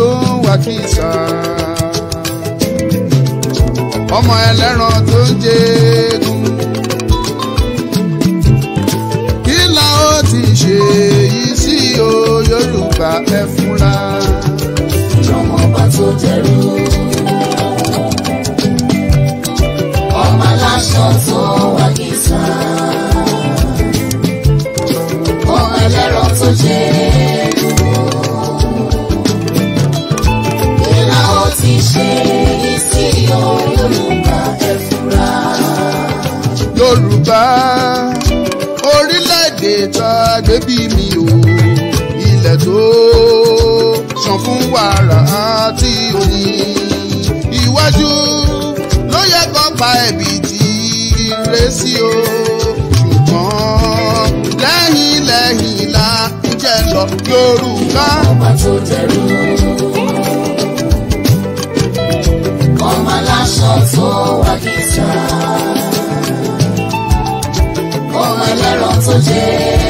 tó wà kí sá. ọmọ ẹlẹ́ran tó ń jẹ́gun. kí la ó ti ṣe yìí sí o Yorùbá ẹ fúnra. ìjọba ọba tó jẹrú. ọmọ aláṣọ tó. wàrà àti oyin. Iwájú ló yẹ kó fa ẹ̀bí tí ire sí o. Ṣùgbọ́n lẹ́yìn lẹ́yìn la ń jẹ lọ Yorùbá. Ọba tó dẹrù. Ọmọ aláṣọ tó wà kìí ta. Ọmọ ẹlẹ́rọ tó jẹ́.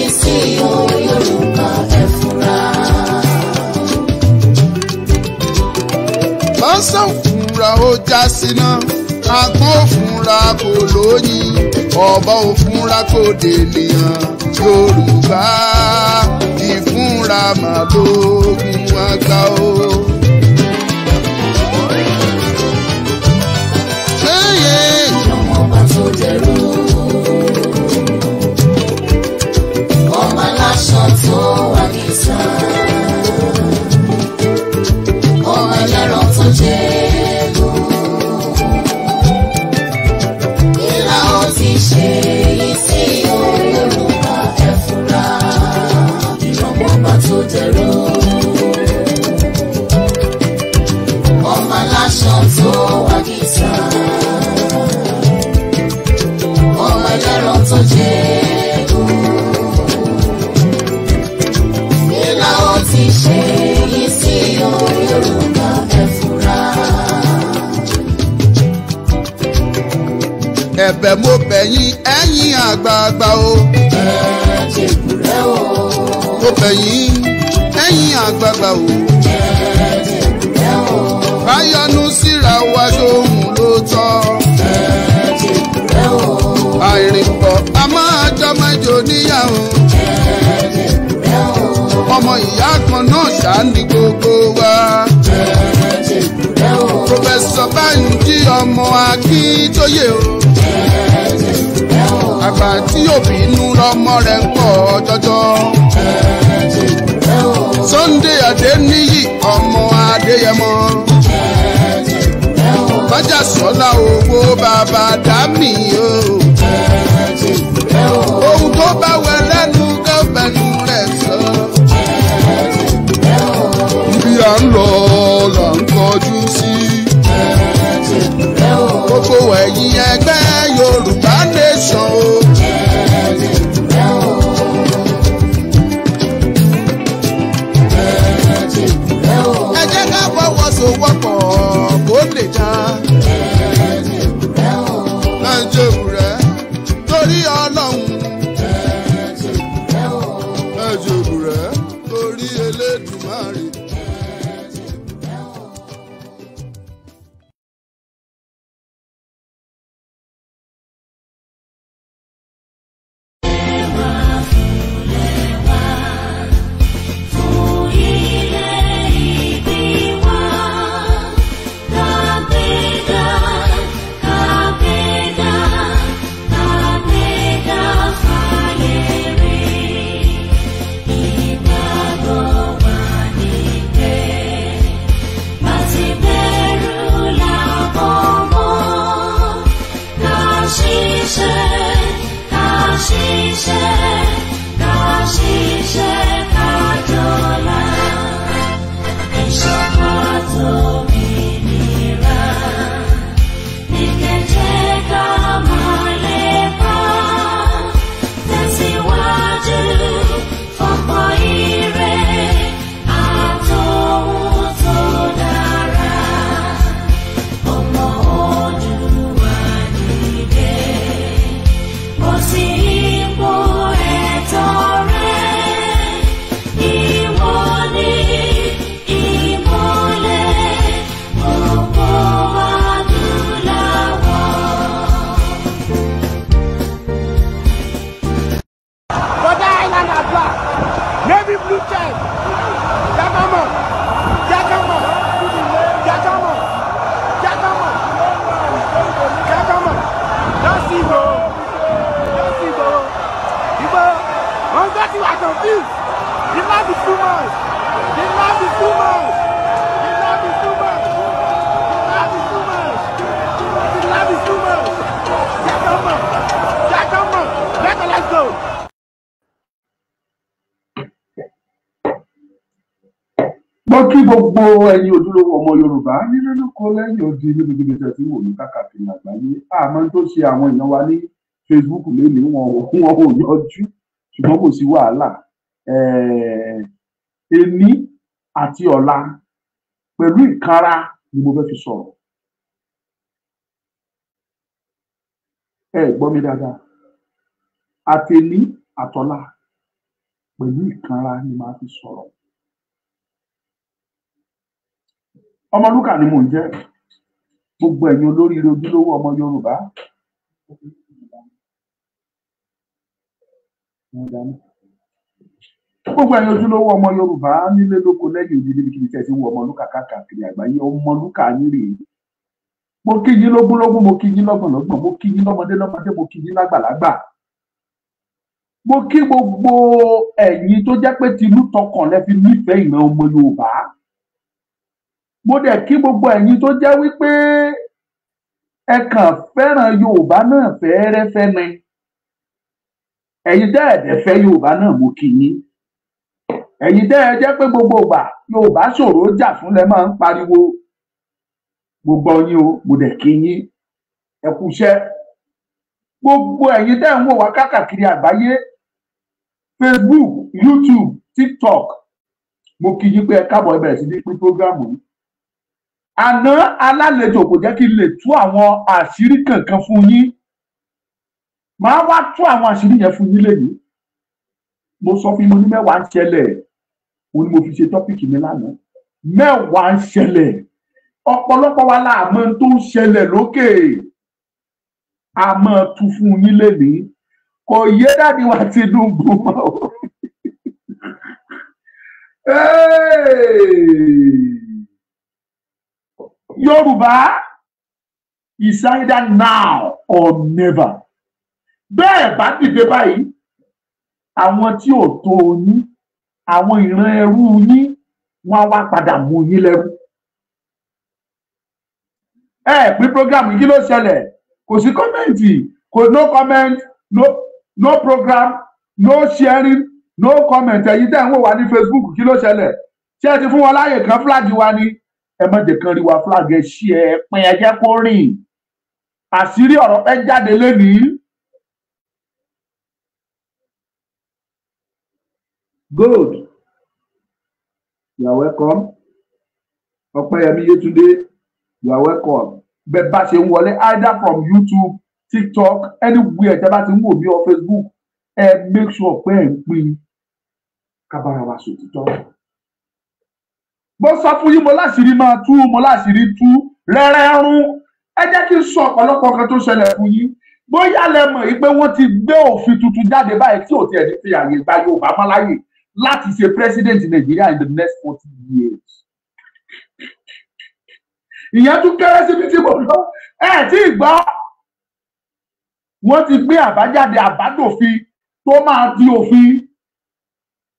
ó já síná agbọ́n ò fúnra kò lóyìn ọ̀bọ ò fúnra kò dènìyàn Yorùbá ìfúnra màlógún àgbà o. Ọba láṣọ tó wà ní sáà. Ọba lẹ́rọ tó jẹ́. tẹ̀rù. ọmọ aláṣọ tó wà kìtà. ọmọ ẹlẹ́rọ tó jẹ́ ẹ̀kọ́. ìlà ó ti ṣe mo bẹ̀ yín àgbààgbà o. ẹ jẹ́ kúrẹ́ o. mo bẹ̀ ẹ̀yin àgbààgbà o. káyọ̀nù síra wa ṣòun ló tọ́. àìrìnpọ̀ a máa jọ mẹ́jọ níyàwó. ọmọ ìyá kan náà ṣáà ní gbogbo wa. pòfẹ́sọ̀ Bánjí ọmọ Akíntóyè o àgbà tí òbí nú lọ́mọ rẹ̀ ń kọ́ jọjọ. Sunday Adéníyì ọmọ Adéyẹmọ. Májàsọ́lá owó bàbá dámì o. Ohun tó bá wẹ lẹ́nu gọ́bẹ̀nù rẹ̀ sọ. Ibi à ń lọ là ń kọjú sí. Gbogbo ẹ̀yin ẹgbẹ́ Yorùbá nation o. ọmọ yorùbá nílé lóko lẹ́yìn odi níbi gbogbo ìṣẹ́ tí wò ní káàkiri àgbáyé àmọ́ tó ṣe àwọn èèyàn wa ní facebook lónìí wọn wọn ò yọjú ṣùgbọ́n kò sí wàhálà èmi àti ọ̀la pẹ̀lú ìkara ni mo fẹ́ fi sọ̀rọ̀ ẹ gbọ́ mi dáadáa àtẹ̀lé àtọ́lá pẹ̀lú ìkanra ni màá fi sọ̀rọ̀ ọmọlúkà ni mò ń jẹ́ gbogbo ẹ̀yin olóríire ojúlówó ọmọ yorùbá gbogbo ẹ̀yin ojúlówó ọmọ yorùbá nílé lóko lẹ́yìn odi níbikíbi tí ẹ ti ń wo ọmọlúkà káàkiri àgbáyé ọmọlúkà yín rèé mo kí yín lógúnlógún mo kí yín lọ́gbọ̀nlọ́gbọ̀n mo kí yín lọ́mọdé lọ́mọdé mo kí yín lágbàlagbà mo kí gbogbo ẹ̀yin tó jẹ́ pé tìlú tọkàn lẹ fi nífẹ̀ẹ́ ọmọ yorùbá mo dẹ̀ kí gbogbo ẹ̀yin tó jẹ́ wípé ẹ fẹ́ràn yorùbá náà fẹ́ẹ́rẹ́fẹ́ ni ẹ̀yin dẹ́ ẹ̀dẹ̀ fẹ́ yorùbá náà mo kì í yín ẹ̀yin dẹ́ ẹ jẹ́ pé gbogbo ìgbà yorùbá ṣòro jà fún lẹ máa ń pariwo gbogbo yín o mo dẹ̀ kí yín ẹ kúṣẹ́ gbogbo ẹ̀yin dẹ́ ń wò wá káàkiri àgbáyé facebook youtube tiktok mo kí yín pé ẹ káàbọ̀ ẹ bẹ̀rẹ̀ sí ní pín prógráàmù yìí àná alálejò kò jẹ́ kí n lè tú àwọn àṣírí kankan fún yín màá wá tú àwọn àṣírí yẹn fún yín lẹ́yìn mo sọ fún yín mo ní mẹ́wàá ń ṣẹlẹ̀ òun ni mo fi ṣe tọ́pìkì mi lánàá mẹ́wàá ń ṣẹlẹ̀ ọ̀pọ̀lọpọ̀ wa la àmọ́ tó ń ṣẹlẹ̀ lókè àmọ́ tú fún yín lẹ́yìn kò yé dàbí wa Tinubu mọ́ o. Yorùbá is either now or never. Bẹ́ẹ̀ bá dìde báyìí, àwọn tí ò tó o ní, àwọn ìran ẹrú yín, wọ́n á wá padà mú yín lẹ́rú. Ẹ pín program yìí kí ló ṣẹlẹ̀? Kò sí kọ́mẹ́ǹtì, kò no comment, no, program, no sharing, no comment. Ẹ̀yin tẹ̀ ń wò wá ní Facebook kí ló ṣẹlẹ̀? Ṣé ẹ ti fún wọn láàyè kan fúlàjì wa ni? ẹ má jẹ́ kan rí wa flag ẹ ṣí ẹ pin ẹ jẹ́ kó rìn àṣírí ọ̀rọ̀ fẹ́ jáde lénìí. good you are welcome ọpẹ́yẹmí yétúndé you are welcome bẹ́ẹ̀ bá ṣe ń wọlé either from youtube tiktok anywhere tẹ́ bá ti ń wò mí ọ facebook ẹ make sure pé ẹ ń pín kábàárà wa sòtítọ́ mo sọ fún yín mo láṣìírí máa tú mo láṣìírí tú rẹ́rẹ́rún ẹ jẹ́ kí n sọ ọ̀pọ̀lọpọ̀ kan tó ṣẹlẹ̀ fún yín bóyá lẹ mọ̀ yìí pé wọ́n ti gbé òfin tuntun jáde báyìí tí ò tiẹ̀ ní fi àyè gba Yorùbá mọ́ láyè láti ṣe president Nàìjíríà in the next forty years ìyẹn tún kéré síbi tí mo lọ ẹ tí ì gbọ́ wọ́n ti gbé àbájáde àbádòfin tó máa di òfin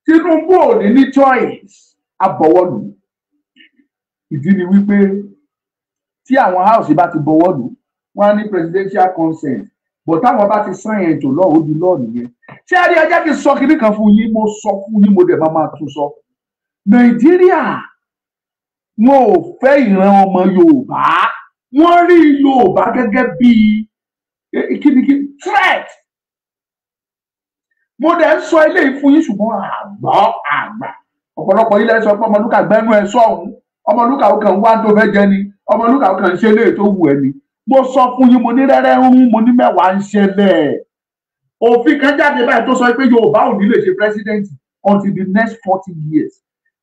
Tinubu ò ní ní choice abọ̀wọ́lù ìdí ni wípé tí àwọn house bá ti bọwọ́ lù wọ́n á ní presidential consent but táwọn bá ti sign ètò lọ́ọ̀ ó di lọ́ọ̀ nìyẹn ṣé a rí ẹjẹ́ kí n sọ kinní kan fún yín mo sọ fún yín mo dẹ̀ máa máa tún sọ nàìjíríà wọn ò fẹ́ ìran ọmọ yorùbá wọ́n rí yorùbá gẹ́gẹ́ bíi kíníkí threat mo dẹ̀ ń sọ eléyìí fún yín ṣùgbọ́n àgbọ̀ àgbà ọ̀pọ̀lọpọ̀ ilé ẹ sọ pé ọmọlúkà gbẹ́nu ẹ sọ̀hún ọmọ lúkà ó kàn ń wá tó fẹ́ jẹ ni ọmọ lúkà ó kàn ń ṣe lé tó wù ẹ ni mo sọ fún yín mo ní rẹ́rẹ́ ń mú mo ní mẹ́wàá ń ṣẹlẹ̀ òfin kan jáde báyìí tó sọ pé Yorùbá ò ní lè ṣe president until the next forty years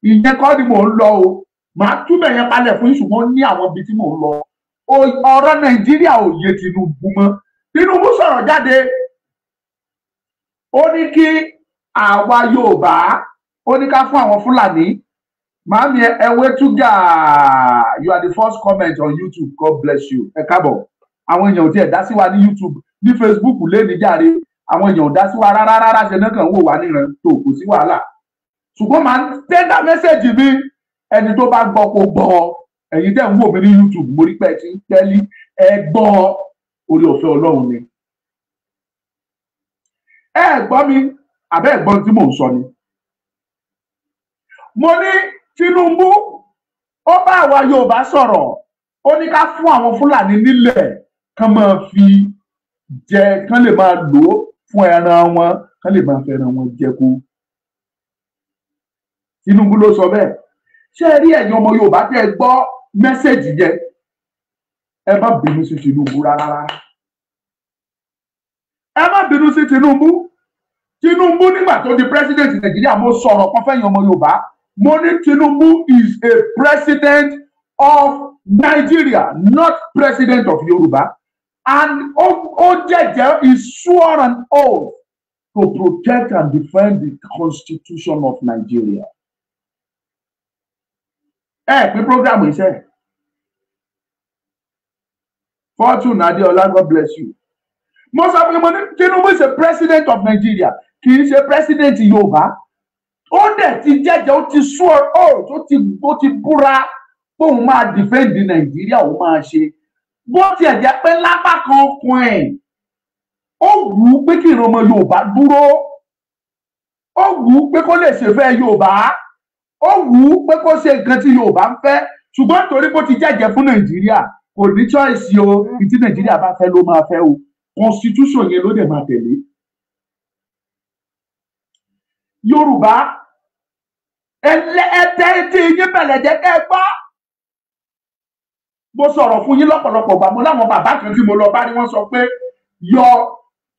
ìyẹn kọ́ ni mò ń lọ o màá túbẹ̀ yẹn palẹ̀ fún ṣùgbọ́n ní àwọn ibi tí mò ń lọ ọ̀rọ̀ Nàìjíríà ò yé Tinubu mọ́ Tinubu sọ̀rọ̀ jáde ó ní kí àwa Yorùbá ó ní ká fún àwọn Fúlàní Mami Ewetuga, you are the first comment on YouTube. God bless you. Ẹ káàbọ̀. Àwọn èèyàn ò tiẹ̀ dá sí wa ní YouTube ní Facebook lẹ́ni jáde. Àwọn èèyàn ò dá sí wa rárá rárá ṣe náà kàn wò wá níran tó kò sí wàhálà. Ṣùgbọ́n màá tẹ́ndà mẹ́sẹ̀gì mi ẹni tó bá gbọ́ kó gbọ́ ẹ̀yin tẹ́ ń wò mí ní YouTube mo rí pé ẹ ti ń tẹ́lí ẹ gbọ́ orí ọ̀fẹ́ Ọlọ́run ni. Ẹ gbọ́ mi àbẹ́ ẹ̀gbọ́n tí mò ń sọ ni. Mo ní Tinubu ó bá àwa Yorùbá sọ̀rọ̀ ó ní ká fún àwọn Fúlàní nílẹ̀ kán máa fi jẹ kán lè máa lò ó fún ẹran wọn kán lè máa fẹran wọn jẹko Tinubu ló sọ bẹ́ẹ̀ ṣé ẹ rí ẹ̀yin ọmọ Yorùbá tẹ́ ẹ gbọ́ mẹ́sẹ̀gì ẹ má bínú sí Tinubu rárá ẹ má bínú sí Tinubu Tinubu nígbà tó di president Nàìjíríà mo sọ̀rọ̀ kan fẹ́yìn ọmọ Yorùbá mo Tinubu is a president of Nigeria not president of Yoruba, and ó jẹjẹ is sworn an oath to protect and defend the constitution of Nigeria. Eh, the program is here. Fortune Adeola God bless you Most sọ pé mo Tinubu is a president of Nigeria He is a president Yoruba ó dẹ̀ ti jẹ́jẹ́ ó ti sú ọ̀rọ̀ tó ti ó ti búra póun máa dìfẹ́ǹdì nàìjíríà òun máa ṣe bó tiẹ̀ jẹ́ pé lápá kan kun ẹ̀ ó wù ú pé kí ìran ọmọ yorùbá dúró ó wù ú pé kó lè ṣèfẹ́ yorùbá ó wù ú pé kó ṣe nǹkan tí yorùbá ń fẹ́ ṣùgbọ́n torí bó ti jẹ́jẹ́ fún nàìjíríà kò ní choice o ìdí nàìjíríà bá fẹ́ ló máa fẹ́ o constitution yẹn ló dẹ̀ máa tẹ̀lé yorùbá ẹtẹ etí yín bẹ̀lẹ̀ jẹ́ kẹ́ ẹ gbọ́ mo sọ̀rọ̀ fún yín lọ́pọ̀lọpọ̀ gbà mo láwọn bàbá kan tí mo lọ bá ní wọ́n sọ pé your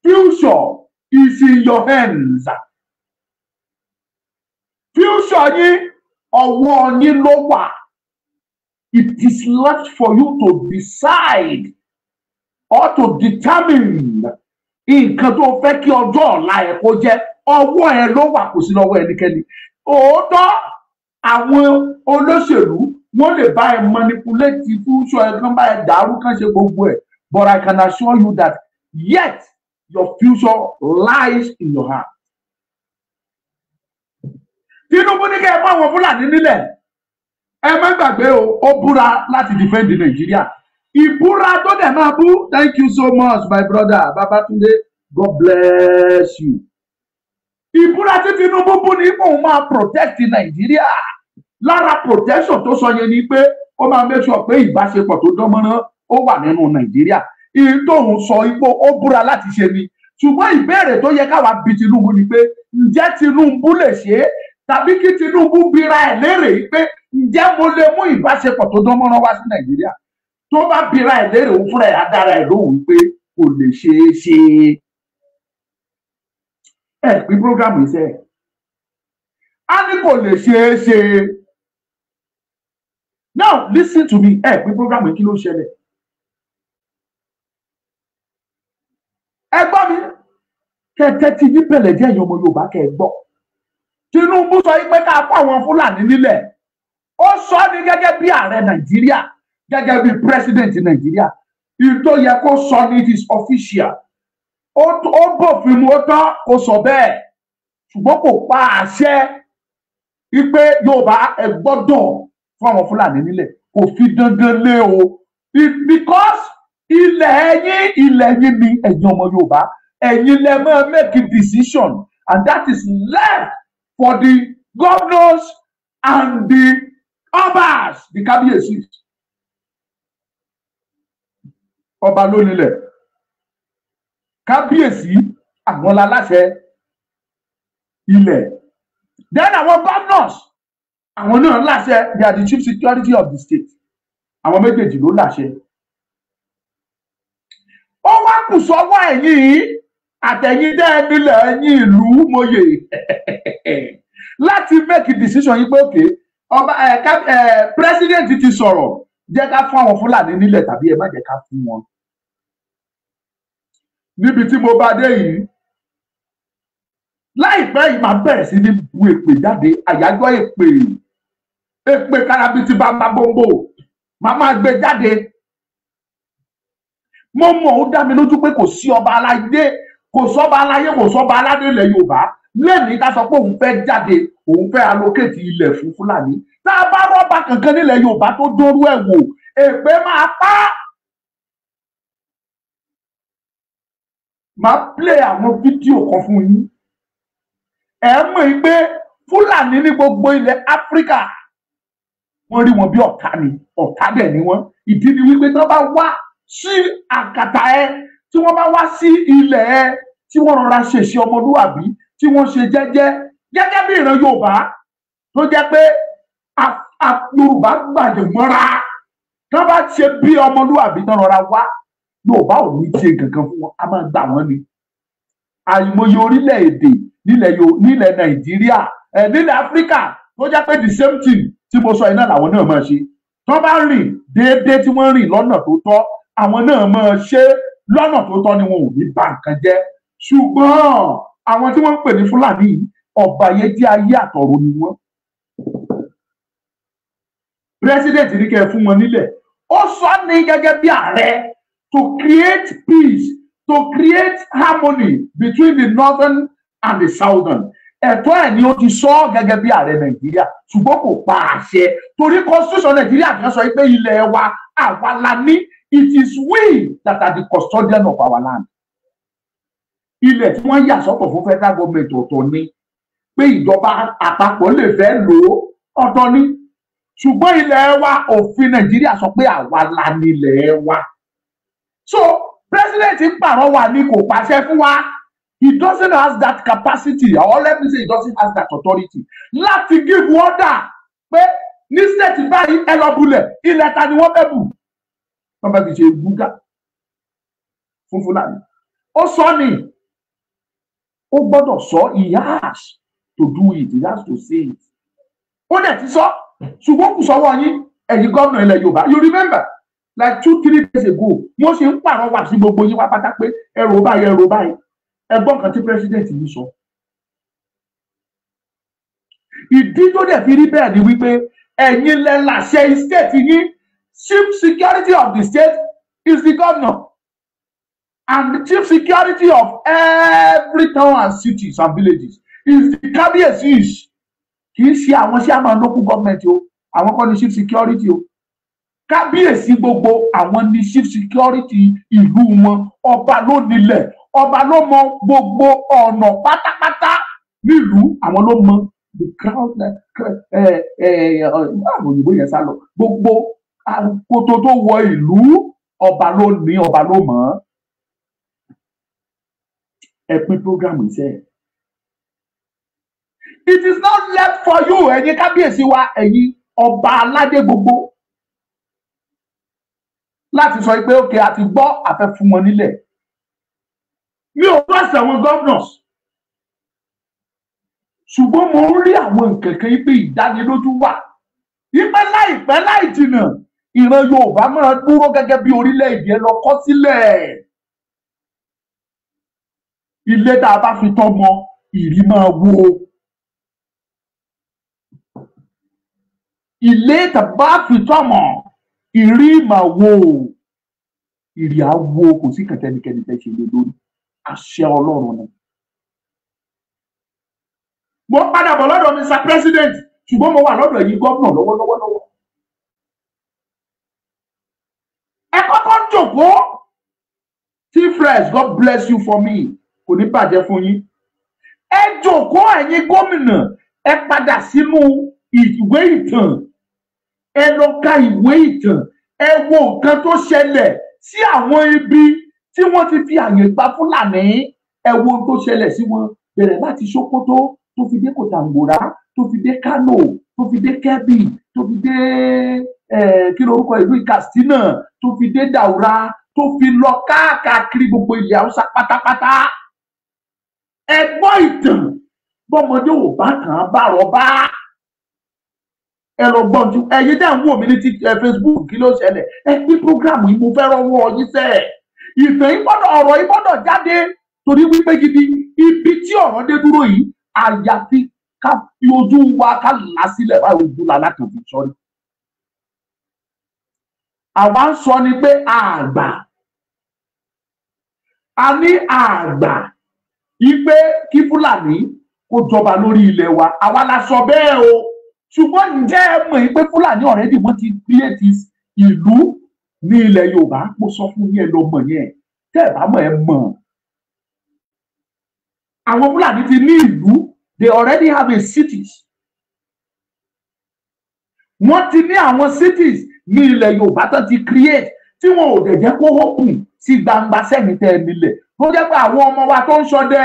future is in your hands future yín ọwọ́ yín ló wà it is left for you to decide or to determine nǹkan tó fẹ́ kí ọjọ́ ọ̀la ẹ̀ kó jẹ́ ọwọ́ ẹ ló wà kò sí lọ́wọ́ ẹnikẹ́ni òótọ́ àwọn olóṣèlú wọ́n lè bá ẹ manipulate fúnṣọ ẹ kán bá ẹ dàrú kán ṣe gbogbo ẹ but I can assure you that yet your future lies in your hand. Tinubu ní kẹ́ ẹ fún àwọn Fúlàní nílẹ̀ ẹ má gbàgbé o ó búra láti defend Nàìjíríà ìbúra tó dẹ̀ máa bú thank you so much my brother Babatunde God bless you ìbúra tí Tinubu bú ni pé òun máa protect Nàìjíríà lára protection tó sọ yẹn ni pé ó máa make sure pé ìbáṣepọ̀ tó dánmọ́rán ó wà nínú Nàìjíríà èyí tóun sọ ipò ó búra láti ṣe ni ṣùgbọ́n ìbéèrè tó yẹ káwa bi Tinubu ni pé ǹjẹ́ Tinubu lè ṣe é tàbí kí Tinubu bira ẹ̀ lérè pé ǹjẹ́ mo lè mú ìbáṣepọ̀ tó dánmọ́rán wá sí Nàìjíríà tó bá bira ẹ̀ lérè òun fúnra ẹ̀ adára ẹ̀ lóhùn pé kò lè ṣeé ṣe é ẹ pín program iṣẹ́ a ní kò lè ṣeé ṣe now listen to me ẹ pín program kí ló ṣẹlẹ̀ ẹ gbọ́ mi kẹ̀kẹ́ ti yí pẹ̀lẹ́ jẹ́ ìyọmọ Yorùbá kẹ́ ẹ gbọ́ Tinubu sọ pé ká kó àwọn Fúlàní nílẹ̀ ó sọ ní gẹ́gẹ́ bí ààrẹ Nàìjíríà gẹ́gẹ́ bí president Nàìjíríà ìtò yẹ kó sọ ní it official ó bòfin mu ó tán kò sọ bẹ́ẹ̀ ṣùgbọ́n kò pa àṣẹ wípé Yorùbá ẹ gbọ́dọ̀ fún àwọn Fúlàní nílẹ̀ kò fi dandan lé o because ilẹ̀ ẹ̀yin ilẹ̀ ẹ̀yin ni ẹ̀yin ọmọ Yorùbá ẹ̀yin lẹ máa make a decision and that is left for the governors and the obas the kábíyèsí ọba ló nílẹ̀ kábíyèsí àwọn aláṣẹ ilẹ̀ then àwọn governors àwọn náà láṣẹ they are the chief security of the state àwọn méjèèjì ló láṣẹ ó wá kù sọ́wọ́ ẹ̀yìn àtẹ̀yìn dẹ́ẹ̀nilẹ̀ ẹ̀yìn ìlú mòye láti make decision yìí pé òkè ọba ẹ ká ẹ president ti sọ̀rọ̀ jẹ́ ká fún àwọn fúlàní nílẹ̀ tàbí ẹ má jẹ́ ká fún wọn níbi tí mo bá dé yìí láìpẹ́ yìí máa bẹ̀rẹ̀ sí ní bu èpè jáde àyájọ́ èpè èpè karabiti bàbá gbòǹgbò màá máa gbé jáde mo mọ̀ ó dá mi lójú pé kò sí ọba aláyé kò sọba aláyé kò sọba aládé ilẹ̀ Yorùbá lẹ́nìí ká sọ pé òun fẹ́ jáde òun fẹ́ alókèétì ilẹ̀ fún Fúlàní tá a bá rọ́bà kankan nílẹ̀ Yorùbá tó dórú ẹ̀ wò èpè máa pa á máa play àwọn fídíò kan fún yín ẹ mọ̀ yín pé fúlàní ní gbogbo ilẹ̀ áfíríkà wọ́n rí wọn bí ọ̀tá ni ọ̀tá dẹ̀ ni wọ́n ìdí ni wípé tí wọ́n bá wá sí àkàtà ẹ tí wọ́n bá wá sí ilẹ̀ ẹ tí wọ́n rọra ṣèṣe ọmọlúwàbí tí wọ́n ṣe jẹ́jẹ́ gẹ́gẹ́ bí ìran yorùbá tó jẹ́ pé yorùbá gbàdé mọ́ra tí wọ́n bá ṣe bí ọmọlúwàbí tí wọ́n rọra wá yorùbá ò ní ṣe gangan fún wọn a máa gbà wọn ni àìmọye orílẹ̀-èdè nílẹ̀ nílẹ̀ nàìjíríà ẹ̀ nílẹ̀ áfíríkà tó jẹ́ pé the same thing tí mo sọ iná làwọn náà máa ṣe tó bá rìn déédéé tí wọ́n rìn lọ́nà tó tọ́ àwọn náà máa ṣe lọ́nà tó tọ́ ni wọn ò ní bà nǹkan jẹ́ ṣùgbọ́n àwọn tí wọ́n ń pè ní fúlàní ọ̀bàyéjẹ́ ayé àtọ̀run ni wọ́n pírẹsidẹ̀ntì ní kẹ́ ẹ fún wọn nílẹ̀ ó sọ ní gẹ́gẹ́ bí ààrẹ to create peace, to create harmony between the northern and the southern. ẹ̀tọ́ ẹ̀ ni ó ti sọ ọ́ gẹ́gẹ́ bí ààrẹ nàìjíríà ṣùgbọ́n kò pa àṣẹ torí constitution nàìjíríà kan sọ pé ilẹ̀ wa àwa la ní it is we that are the custodian of our land. ilẹ̀ tí wọ́n yà sọ́tọ̀ fún federal government ọ̀tọ̀ ni pé ìjọba àpapọ̀ lè fẹ́ lò ó ọ̀tọ̀ ni ṣùgbọ́n ilẹ̀ wa òfin nàìjíríà sọ pé àwa la nílẹ̀ wa so president ń pààrọ̀ wa ni kò pàṣẹ fún wa he doesn't have that capacity or let me say he doesn't have that authority láti give order pé ní state báyìí ẹ lọ bulẹ̀ ilẹ̀ ta ni wọ́n fẹ́ bù wọ́n bá fi ṣe búgà fún fúlàní ó sọ ni ó gbọ́dọ̀ sọ he has to do it he has to say it ó dẹ̀ ti sọ ṣùgbọ́n kù sọ́wọ́ yín ẹ̀yin gómìnà ilẹ̀ yorùbá you remember like two three days ago wọ́n ṣe ń pàrọwà sí gbogbo yín wá pátá pé ẹrù báyìí ẹrù báyìí ẹ̀gbọ́n kan tí president yìí sọ. ìdí tó dẹ̀ fi rí bẹ́ẹ̀ ni wípé ẹ̀yin lẹ làṣẹ state yín chief security of the state is the governor and the chief security of every town and cities and villages is the kábíyèsí kì í ṣe àwọn sí àmà local government o àwọn kọ́ ni chief security o kábíyèsí gbogbo àwọn ní chief security ìlú wọn ọba ló nílẹ̀ ọba ló mọ gbogbo ọ̀nà pátápátá nílùú àwọn ló mọ the crowd àwọn òyìnbó yẹn sá lọ gbogbo akoto tó wọ ìlú ọba ló ní ọba ló mọ ẹ programu iṣẹ it is not left for you ẹ̀yin kábíyèsí wa ẹ̀yin ọba aládé gbogbo láti sọ pé òkè àti gbọ́ àfẹ́fún wọn nílẹ̀ mi ò bá sàwọn governors ṣùgbọ́n mo ń rí àwọn nǹkan kan ibi ìdánilójú wà ipe láìpẹ́ láì jìnnà ìran Yorùbá máa dúró gẹ́gẹ́ bí orílẹ̀-èdè lọ kọ́ sílẹ̀ ilé tá a bá fi tọ́mọ ìrí máa wó ilé tá a bá fi tọ́mọ ìrí ìmàwo ìrì àwo kò sí kẹtẹnikẹni fẹ́ ṣe lé lórí àṣẹ Ọlọ́run ni. mo padà bọ̀ lọ́dọ̀ Mr. President ṣùgbọ́n mo wà lọ́dọ̀ yìí gómìnà lọ́wọ́lọ́wọ́ lọ́wọ́. ẹ kọ́kọ́ ń jòkó tí fresh God bless you for me kò ní bàjẹ́ fún yín. ẹ jòkó ẹ̀yin gómìnà ẹ padà sínú ìwé ìtàn ẹ lọ ka ìwé ìtàn ẹ wo nǹkan tó ṣẹlẹ̀ sí àwọn ibi tí wọ́n ti fi àyè gba fúlàní ẹ wo tó ṣẹlẹ̀ sí wọn bẹ̀rẹ̀ láti Sókótó tó fi dé Kòtàǹgbòrá tó fi dé Kánò tó fi dé Kẹ́bì tó fi dé kí ló orúkọ ìlú Katsina tó fi dé Daura tó fi lọ káàkiri gbogbo ilẹ̀ Haúsá pátápátá ẹ gbọ́ ìtàn bọ́mọdé ò bá kàn án bá rọ bá ẹ lọ gbọ́njú ẹ̀yin dẹ̀ ń wò mí ní ti Facebook kí ló ṣẹlẹ̀ ẹ ní program yìí mo fẹ́ rọwọ́ yín sẹ́ ìfẹ́ yín gbọ́dọ̀ ọ̀rọ̀ yín gbọ́dọ̀ jáde torí wípé gidi ibi tí ọ̀rọ̀ dé dúró yìí àyàfi ká fi ojú wa ká là sílẹ̀ báyìí ojú la láti òfin sọ́rí. àwa ń sọ ni pé àgbà a ní àgbà yí pé kí Fúlàní kó jọba lórí ilẹ̀ wa àwa la sọ bẹ́ẹ̀ o ṣùgbọ́n ǹjẹ́ ẹ mọ̀ pé fúlàní ọ̀rẹ́dì wọ́n ti create ìlú ní ilẹ̀ yorùbá mo sọ fún yín ẹ lọ mọ̀ yẹn tẹ́ ẹ bá mọ̀ ẹ mọ̀ àwọn fúlàní ti ní ìlú they already have a cities wọ́n ti ní àwọn cities ní ilẹ̀ yorùbá tán ti create tí wọn ò dẹ̀ jẹ́ kó hókùn sí gbangba sẹ́yìn tẹ́ ẹ nílẹ̀ tó jẹ́ pé àwọn ọmọ wa tó ń ṣọdẹ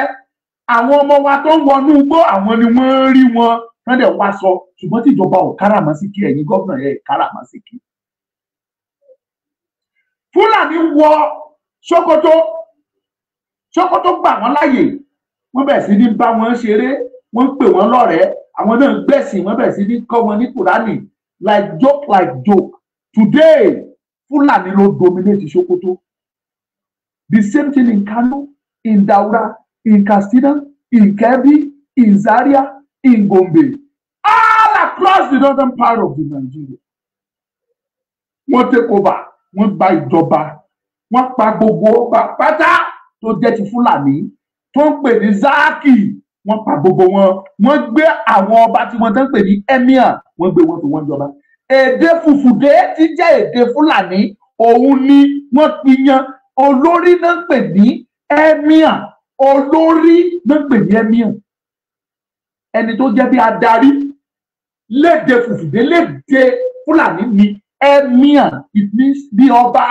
àwọn ọmọ wa tó ń wọnú igbó àwọn ni wọ́n rí wọn kán dẹ̀ wá sọ ṣùgbọ́n tí ìjọba ò káràmọ́ ẹ̀yin gómìnà yẹn káràmọ́ fúlàní wọ ṣòkòtò ṣòkòtò gbà wọ́n láàyè wọ́n bẹ̀rẹ̀ sí ní bá wọn ṣeré wọ́n pè wọ́n lọ́rẹ̀ẹ́ àwọn náà gbẹ̀sìn wọ́n bẹ̀rẹ̀ sí ní kọ́ wọn ní kùránì like joke like joke today fúlàní ló dominate ṣòkòtò the same thing in Kano in Daura in Katsina in Kebbi in Zaria in Gombe, all across the northern part of the Nigeria. Wọ́n take over, wọ́n gba ìjọba, wọ́n pa gbogbo ọba pátá tó jẹ́ ti Fúlàní tó ń pè ní Zaki, wọ́n pa gbogbo wọn, wọ́n gbé àwọn ọba tí wọ́n tán pè ní Emir, wọ́n gbé wọn tó wọ́n jọba. Èdè Fùfùdé ti jẹ́ èdè Fúlàní, òun ni wọ́n ti yan olórí náà pè ní Emir, olórí náà pè ní Emir ẹni tó jẹ́ bí adarí léde fùfùdé léde fúlàní ni emir bí ọba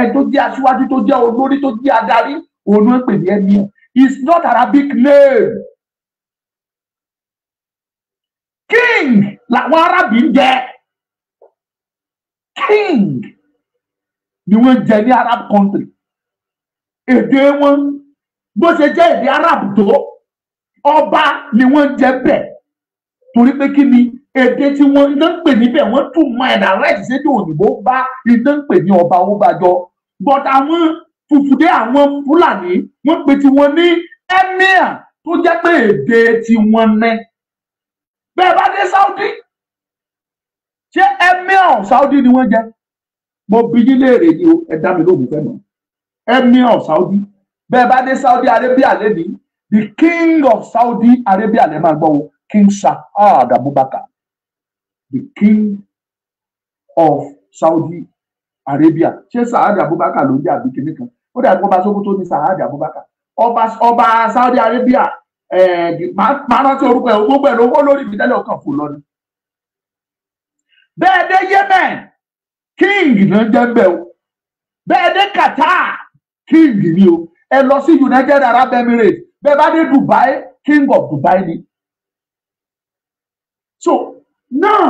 ẹni tó jẹ́ aṣíwájú tó jẹ́ olórí tó jẹ́ adarí òun ló ń pè ní emir is not Arabic name king làwọn arábì ń king ni wọ́n jẹ ní Arab country èdè wọn bó ṣe jẹ́ èdè Arab tó ọba ni wọ́n jẹ bẹ́ẹ̀ torí pé kí ni èdè tí wọ́n iná ń pè níbẹ̀ wọ́n tún mọ ẹ̀dá rẹ́ẹ̀tì sédè òyìnbó bá iná ń pè ní ọba owó gbàjọ but àwọn fùfúdé àwọn fúlàní wọ́n pe tiwọn ní emir tó jẹ́ pé èdè tiwọn ní bẹ́ẹ̀ bá dé Saudi ṣé emir Saudi ni wọ́n jẹ́ mo bi yín léèrè ni o ẹ dá mi lóògùn fẹ́ mọ́ emir Saudi bẹ́ẹ̀ bá dé Saudi Arabia lẹ́nìí the king of Saudi Arabia lè máa gbọ́ o King Saad Abubakar the king of Saudi Arabia ṣé Saad Abubakar ló ń jẹ́ àbí kìnnì kan ó dàbí ọba Sokoto ní Saad Abubakar ọba ọba Saudi Arabia máa rántí orúkọ ẹ̀ gbogbo ẹ̀ ló wó lórí ìfìdálẹ̀ ọkàn fún lọ́nà bẹ́ẹ̀ dé Yemen king náà jẹ́ bẹ́ẹ̀ o bẹ́ẹ̀ dé Qatar king ni o ẹ lọ sí United Arab Emirates bẹ́ẹ̀ bá dé Dubai king of Dubai ni so now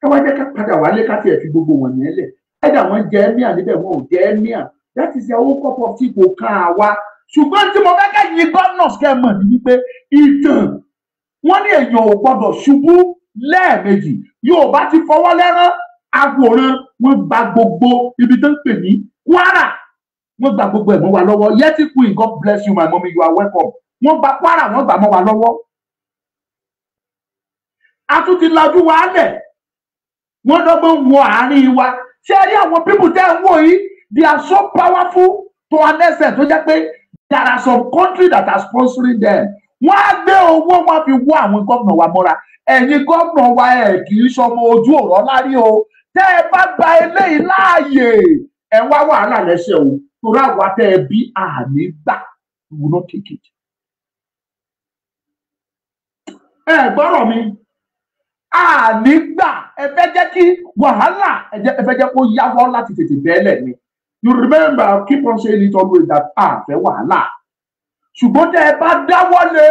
káwá jẹ́ ká padà wálé ká tiẹ̀ fi gbogbo wọn lẹ̀ ẹ̀dá wọn jẹ́ ẹ́míà níbẹ̀ wọn ò jẹ́ ẹ́míà that is their whole cup of tea kò kan àwa ṣùgbọ́n tí mo fẹ́ ká yin governors kẹ́ mọ̀ ní wípé ìtàn wọ́n ní èèyàn ò gbọ́dọ̀ ṣubú lẹ́ẹ̀mejì Yorùbá ti fọwọ́ lẹ́rán àwòrán wọn gba gbogbo ibi tó ń pè ní Kwara wọ́n gba gbogbo ẹ̀mọ́ wa lọ́wọ́ yẹtí queen god bless you my mommy you are welcome wọ́n gba kwara wọ́n gbà mọ́ wa lọ́wọ́ a tún ti lajú wa lẹ̀ wọ́n dọ́gbọ́n wọ àárín wa ṣé ẹ rí àwọn people tẹ́ ń wò yìí they are so powerful to an extent tó jẹ́ pé there are some countries that are sponsoring them wọ́n á gbé owó wọn fi wọ àwọn gómìnà wa mọ́ra ẹ̀yin gómìnà wa ẹ̀ kì í ṣọmọ ojú ọ̀rọ̀ lárí o tẹ́ ẹ bá gba eléyìí láàyè ẹ wá wàhálà lẹsẹ o torí àwa tẹ ẹ bí àmì gbà wúná kékeré ẹ gbọ́rọ̀ mi àmì gbà ẹ fẹ́ jẹ́ kí wàhálà ẹ fẹ́ jẹ́ kó yáwọ́ láti tètè bẹ́ẹ̀lẹ̀ ni you remember keep on saying it always that Ah, àfẹ́ wàhálà ṣùgbọ́n tẹ ẹ bá dáwọ́ lé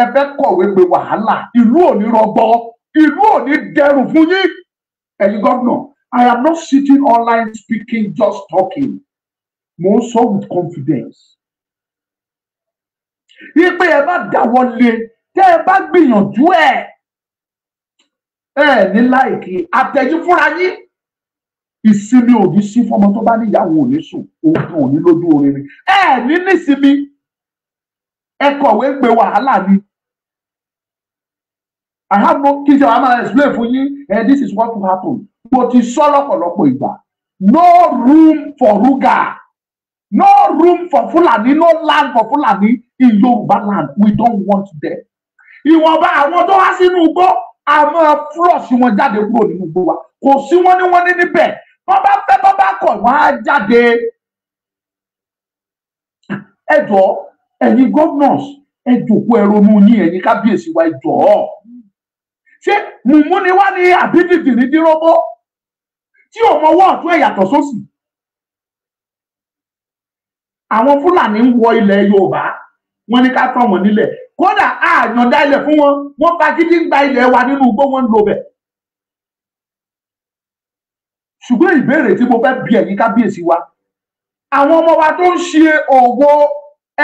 ẹ fẹ́ kọ̀wé pé wàhálà ìlú ò ní rọgbọ ìlú ò ní dẹrù fún yín ẹ̀yin gómìnà I am not sitting online speaking, just talking. more so with confidence. Ipe ẹ bá dáwọ́ lé, tẹ́ ẹ bá gbìyànjú ẹ̀. Ẹ ní láìkí, àtẹ̀yìn fúnra yín. Ìsinmi ò ní sí fọmọ tó bá níyàwó ò ní sùn, òògùn ò ní lójú orin. Ẹ ní nísinmi. Ẹ kọ̀wé gbé wàhálà ni. I have no kí ṣe wàá máa explain fún yín, this is what will happen mo ti sọ lọ́pọ̀lọpọ̀ ìgbà no room for ruga no room for Fulani no land for Fulani in Yorùbá land we don't want them ìwọ̀nba àwọn tó wá sínú igbó a máa flush wọn jáde kúrò nínú igbó wa kò sí wọn ní wọn ní níbẹ̀ wọn bá fẹ́ bá bá kọ̀ wọn á jáde ẹ jọ̀ọ́ ẹ̀yin governors ẹ jòkó ẹ ronú yín ẹ̀yin kábíyèsí wa ẹ jọ̀ọ́ ṣé mùmú ni wá ní àbídìdì ní dírọ́bọ́ tí ò mọ wọ́ọ̀tú ẹ̀ yàtọ̀ sósì àwọn fúlàní ń wọ ilẹ̀ yorùbá wọ́n ní ká tọ̀ wọ́n nílẹ̀ kódà àyàndá ilẹ̀ fún wọn wọ́n fagídí ń gba ilẹ̀ wa nínú igbó wọn ń lo bẹ̀ ṣùgbọ́n ìbéèrè tí mo fẹ́ bi ẹ̀yin kábíyèsí wa àwọn ọmọ wa tó ń ṣe òwò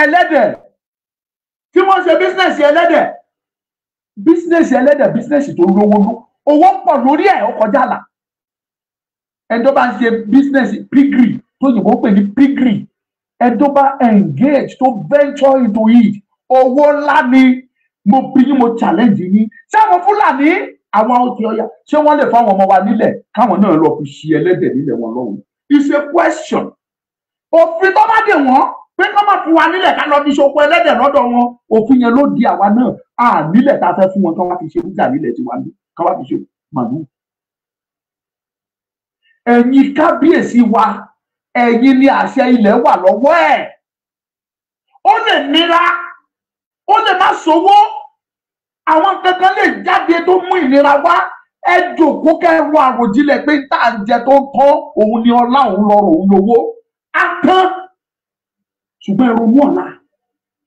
ẹlẹ́dẹ̀ tí wọ́n ṣe bísínẹ̀sì ẹlẹ́dẹ̀ bísínẹ̀sì ẹlẹ́dẹ̀ bísínẹ̀sì tó lówó ló owó pọ̀ lórí ẹ̀ ó kọjá là ẹni tó bá ń ṣe bísínẹ́sì pigry tó yìnbó ń pè ní pigry ẹni bá engage to venture into it owó ńlá ni mo bí yín mo challenge yín ṣé àwọn fúlàní àwọn òkè ọya ṣé wọ́n lè fáwọn ọmọ wa nílẹ̀ káwọn náà lọ fi ṣe ẹlẹ́dẹ̀ nílẹ̀ wọn lọ́hùn it's a question òfin tó bá dè wọ́n pé kọ́ máa fún wa nílẹ̀ ká lọ fi ṣoko ẹlẹ́dẹ̀ lọ́dọ̀ wọn òfin yẹn ló di àwa náà à nílẹ̀ tá a fẹ́ fún wọn kí wọ́n fi ṣe rúgà nílẹ̀ tiwa ní kí wọ́n fi ṣe màlúù ẹ̀yin kábíyèsí wa ẹ̀yin ni àṣẹ ilẹ̀ wà lọ́wọ́ ẹ̀ ó lè nira ó lè má sówó àwọn kankan lè jáde tó mú ìnira wá ẹ jòkó kẹwàá àròjinlẹ̀ pé tá à ń jẹ tó ń tán òun ni ọlá òun lọ́rọ̀ òun lówó á tán ṣùgbọ́n ẹ ronú ọ̀la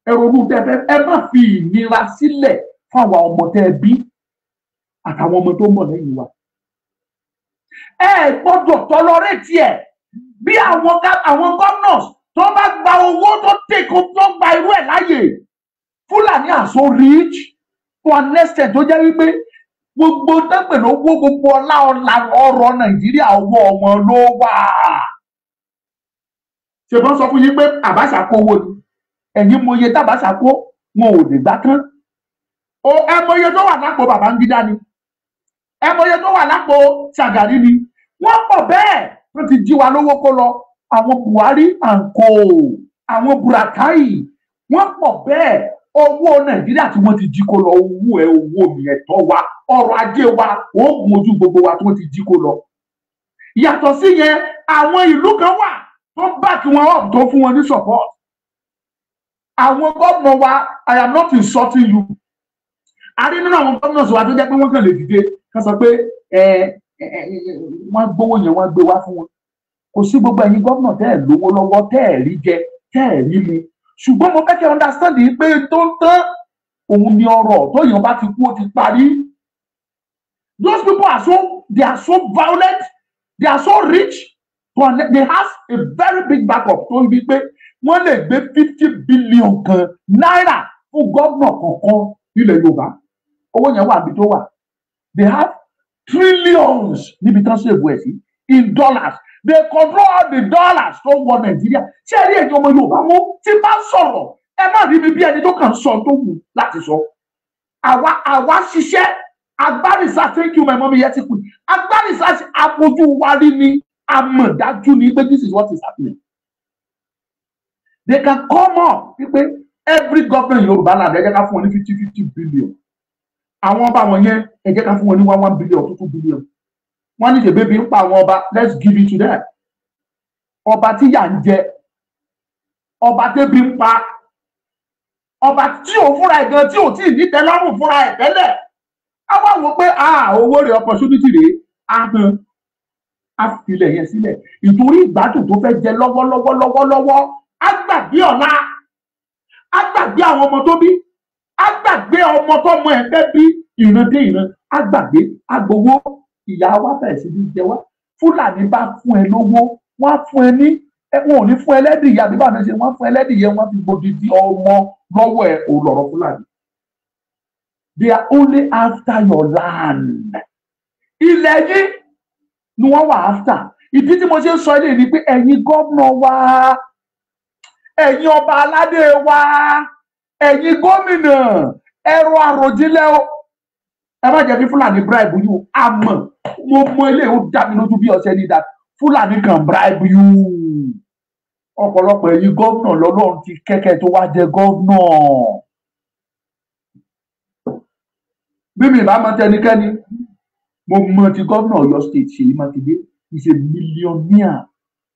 ẹ ronú tẹfẹ ẹ má fi ìnira sílẹ̀ fáwọn ọmọ tẹ bí àtàwọn ọmọ tó ń bọ̀ lẹ́yìn wa ẹ gbọ́dọ̀ tọlọrẹ tiẹ bí àwọn àwọn governors tó bá gba owó tó tẹkọ tó gba irú ẹ láàyè fúlàní àṣọ rich to an extent tó jẹ́ wípé gbogbo dápẹ̀ ló wó gbogbo ọlá ọlá ọrọ̀ nàìjíríà ọwọ́ wọn ló wà. ṣèbọn sọ fún yín pé àbáṣà kó owó ni ẹ̀yin mọ iye tábàṣà kó wọn ò lè gbà tán. ẹ mọ iye tó wà lápò bàbá ń gídá ni ẹmọye tó wà lápò ṣàgàrí ni wọ́n pọ̀ bẹ́ẹ̀ tó ti jí wa lówó kó lọ àwọn buhari àǹkó àwọn buratai wọ́n pọ̀ bẹ́ẹ̀ owó nàìjíríà tí wọ́n ti jí kó lọ owó ẹ owó mi ẹ̀tọ́ wa ọrọ̀ ajé wa oògùn ojú gbogbo wa tí wọ́n ti jí kó lọ yàtọ̀ sí yẹn àwọn ìlú kan wà tó ń bá kí wọn up tó fún wọn ní support àwọn gómìnà wa i am not insulting you a rí nínú àwọn gómìnà sọ wa tó jẹ́ pé wọ́n kàn lè dìde wọ́n sọ pé wọ́n gbówó yẹn wọ́n gbé wá fún wọn kò sí gbogbo ẹ̀yin gómìnà tẹ́ ẹ̀ lówó lọ́wọ́ tẹ́ ẹ̀ rí jẹ tẹ́ ẹ̀ rí mu ṣùgbọ́n mo kẹ́kẹ́ understand yìí pé tó ń tán òun ni ọrọ̀ tó yàn bá ti kú ó ti parí those people are so they are so violent they are so rich they have a very big backup tó ń bí pé wọ́n lè gbé fifty billion kan náírà fún gómìnà kọ̀ọ̀kan ilẹ̀ Yorùbá owó yẹn wà níbi tó wà they have trillions níbi tán ṣègùn ẹ̀ in dollars they control all the dollars tó wọ nàìjíríà ṣé ẹ rí èyí ọmọ yorùbá mú you bá sọ̀rọ̀ ẹ you rí mi bí you. tó kàn sọ tó wù láti sọ àwa àwa ṣiṣẹ́ agbárìsá thank you my mummy yẹn ti you agbárìsá àpòjú wárí ni you ni pé this is what is happening they can come up pé every government you náà ẹ jẹ́ ká fún wọn ní fifty fifty billion àwọn ọba wọn yẹn ẹ jẹ́ ká fún wọn ní one one billion two two billion wọ́n ní tèbébí ń pa àwọn ọba let's give it to them ọba tí yà ń jẹ ọba tẹ́bi ń pa ọba tí ò fúnra ẹ̀ gan tí ò tí ì ní tẹ́lọ́rùn fúnra ẹ̀ tẹ́lẹ̀ á wá wò pé owó rẹ̀ opportunity rèé á hàn á filẹ̀ yẹn sílẹ̀ ìtorí ìgbádùn tó fẹ́ jẹ lọ́wọ́lọ́wọ́ lọ́wọ́lọ́wọ́ á gbàgbé ọ̀la á gbàgbé àwọn ọmọ tó bí agbàgbé ọmọ tọmọ ẹ fẹ́ bí ìran dé ìran agbàgbé agbowó ìyá wa bẹ̀rẹ̀ sí ní jẹ wá fúlàní bá fún ẹ lówó wọ́n á fún ẹ ní wọn ò ní fún ẹlẹ́dìyẹ àbí bàbá ṣe wọ́n á fún ẹlẹ́dìyẹ wọ́n á fi gbòdìdì ọmọ lọ́wọ́ ẹ ò lọ̀rọ̀ fúlàní. they are only after your land. ilẹ̀ yìí ni wọ́n wà after ìdí tí mo ṣe ń sọ eléyìí ni pé ẹ̀yin gómìnà wa ẹ̀yin ọba aládé wa ẹ̀yin gómìnà ẹ̀rọ àròjinlẹ̀ o ẹ má jẹ́ kí fúlàní bribe you àmọ́ mo mọ ilé ìwò dá mi lójú bí ọ̀sẹ̀ nídà fúlàní kan bribe you ọ̀pọ̀lọpọ̀ ẹ̀yin gómìnà lọ́lọ́run ti kẹ́kẹ́ tó wá jẹ gómìnà bí mi bá mọ tẹnikẹ́ni mo mọ ti gómìnà Ọ̀yọ́ state Ṣèyí Mákindé is a millionaire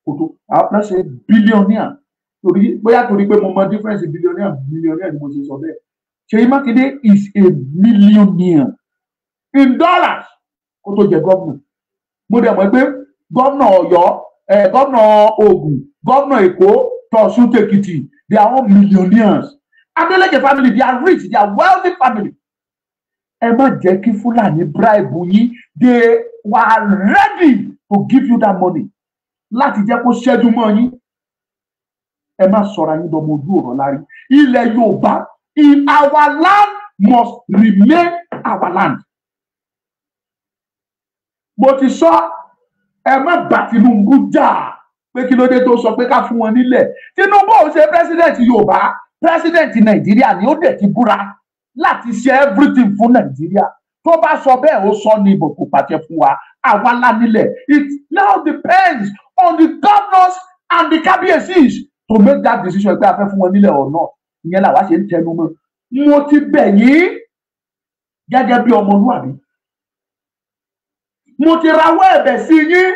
kò tó àpẹẹrẹ billionaire torí bóyá torí pé mo mọ difference billionaire millionaire ni mo ṣe sọ bẹ́ẹ̀ Ṣèyí Mákindé is a millionaire in dollars kó tó jẹ gómìnà mo dẹ̀ mọ̀ pé gómìnà Ọ̀yọ́ gómìnà Ògùn gómìnà Èkó tọ̀sùn tèkìtì they are all millionaires Adeleke family they are rich they are wealthy family ẹ má jẹ́ kí Fúlàní bribe yín they were ready to give you that money láti jẹ́ kó ṣẹ́jú mọ́ yín ẹ má sọra yín dọmọ ojú ọ̀rọ̀ lárí ilẹ̀ Yorùbá in our land must remain our land mo ti sọ ẹ má bà Tinubu jà pé kí ló dé tó sọ pé ká fún wọn nílẹ̀ Tinubu ò ṣe president Yorùbá president Nàìjíríà ni ó dẹ̀ ti búra láti ṣe everything fún Nàìjíríà tó bá sọ bẹ́ẹ̀ ó sọ ní ìbò kò pàṣẹ fún wa àwa la nílẹ̀ it now depends on the governors and the kábíyèsí to make that decision pé a fẹ́ fún wọn nílẹ̀ or not ìyẹn làwa ṣe ń tẹnu mọ́ mo ti bẹ̀ yín gẹ́gẹ́ bí ọmọlúwàbí mo ti rawọ́ ẹ̀bẹ̀ sí yín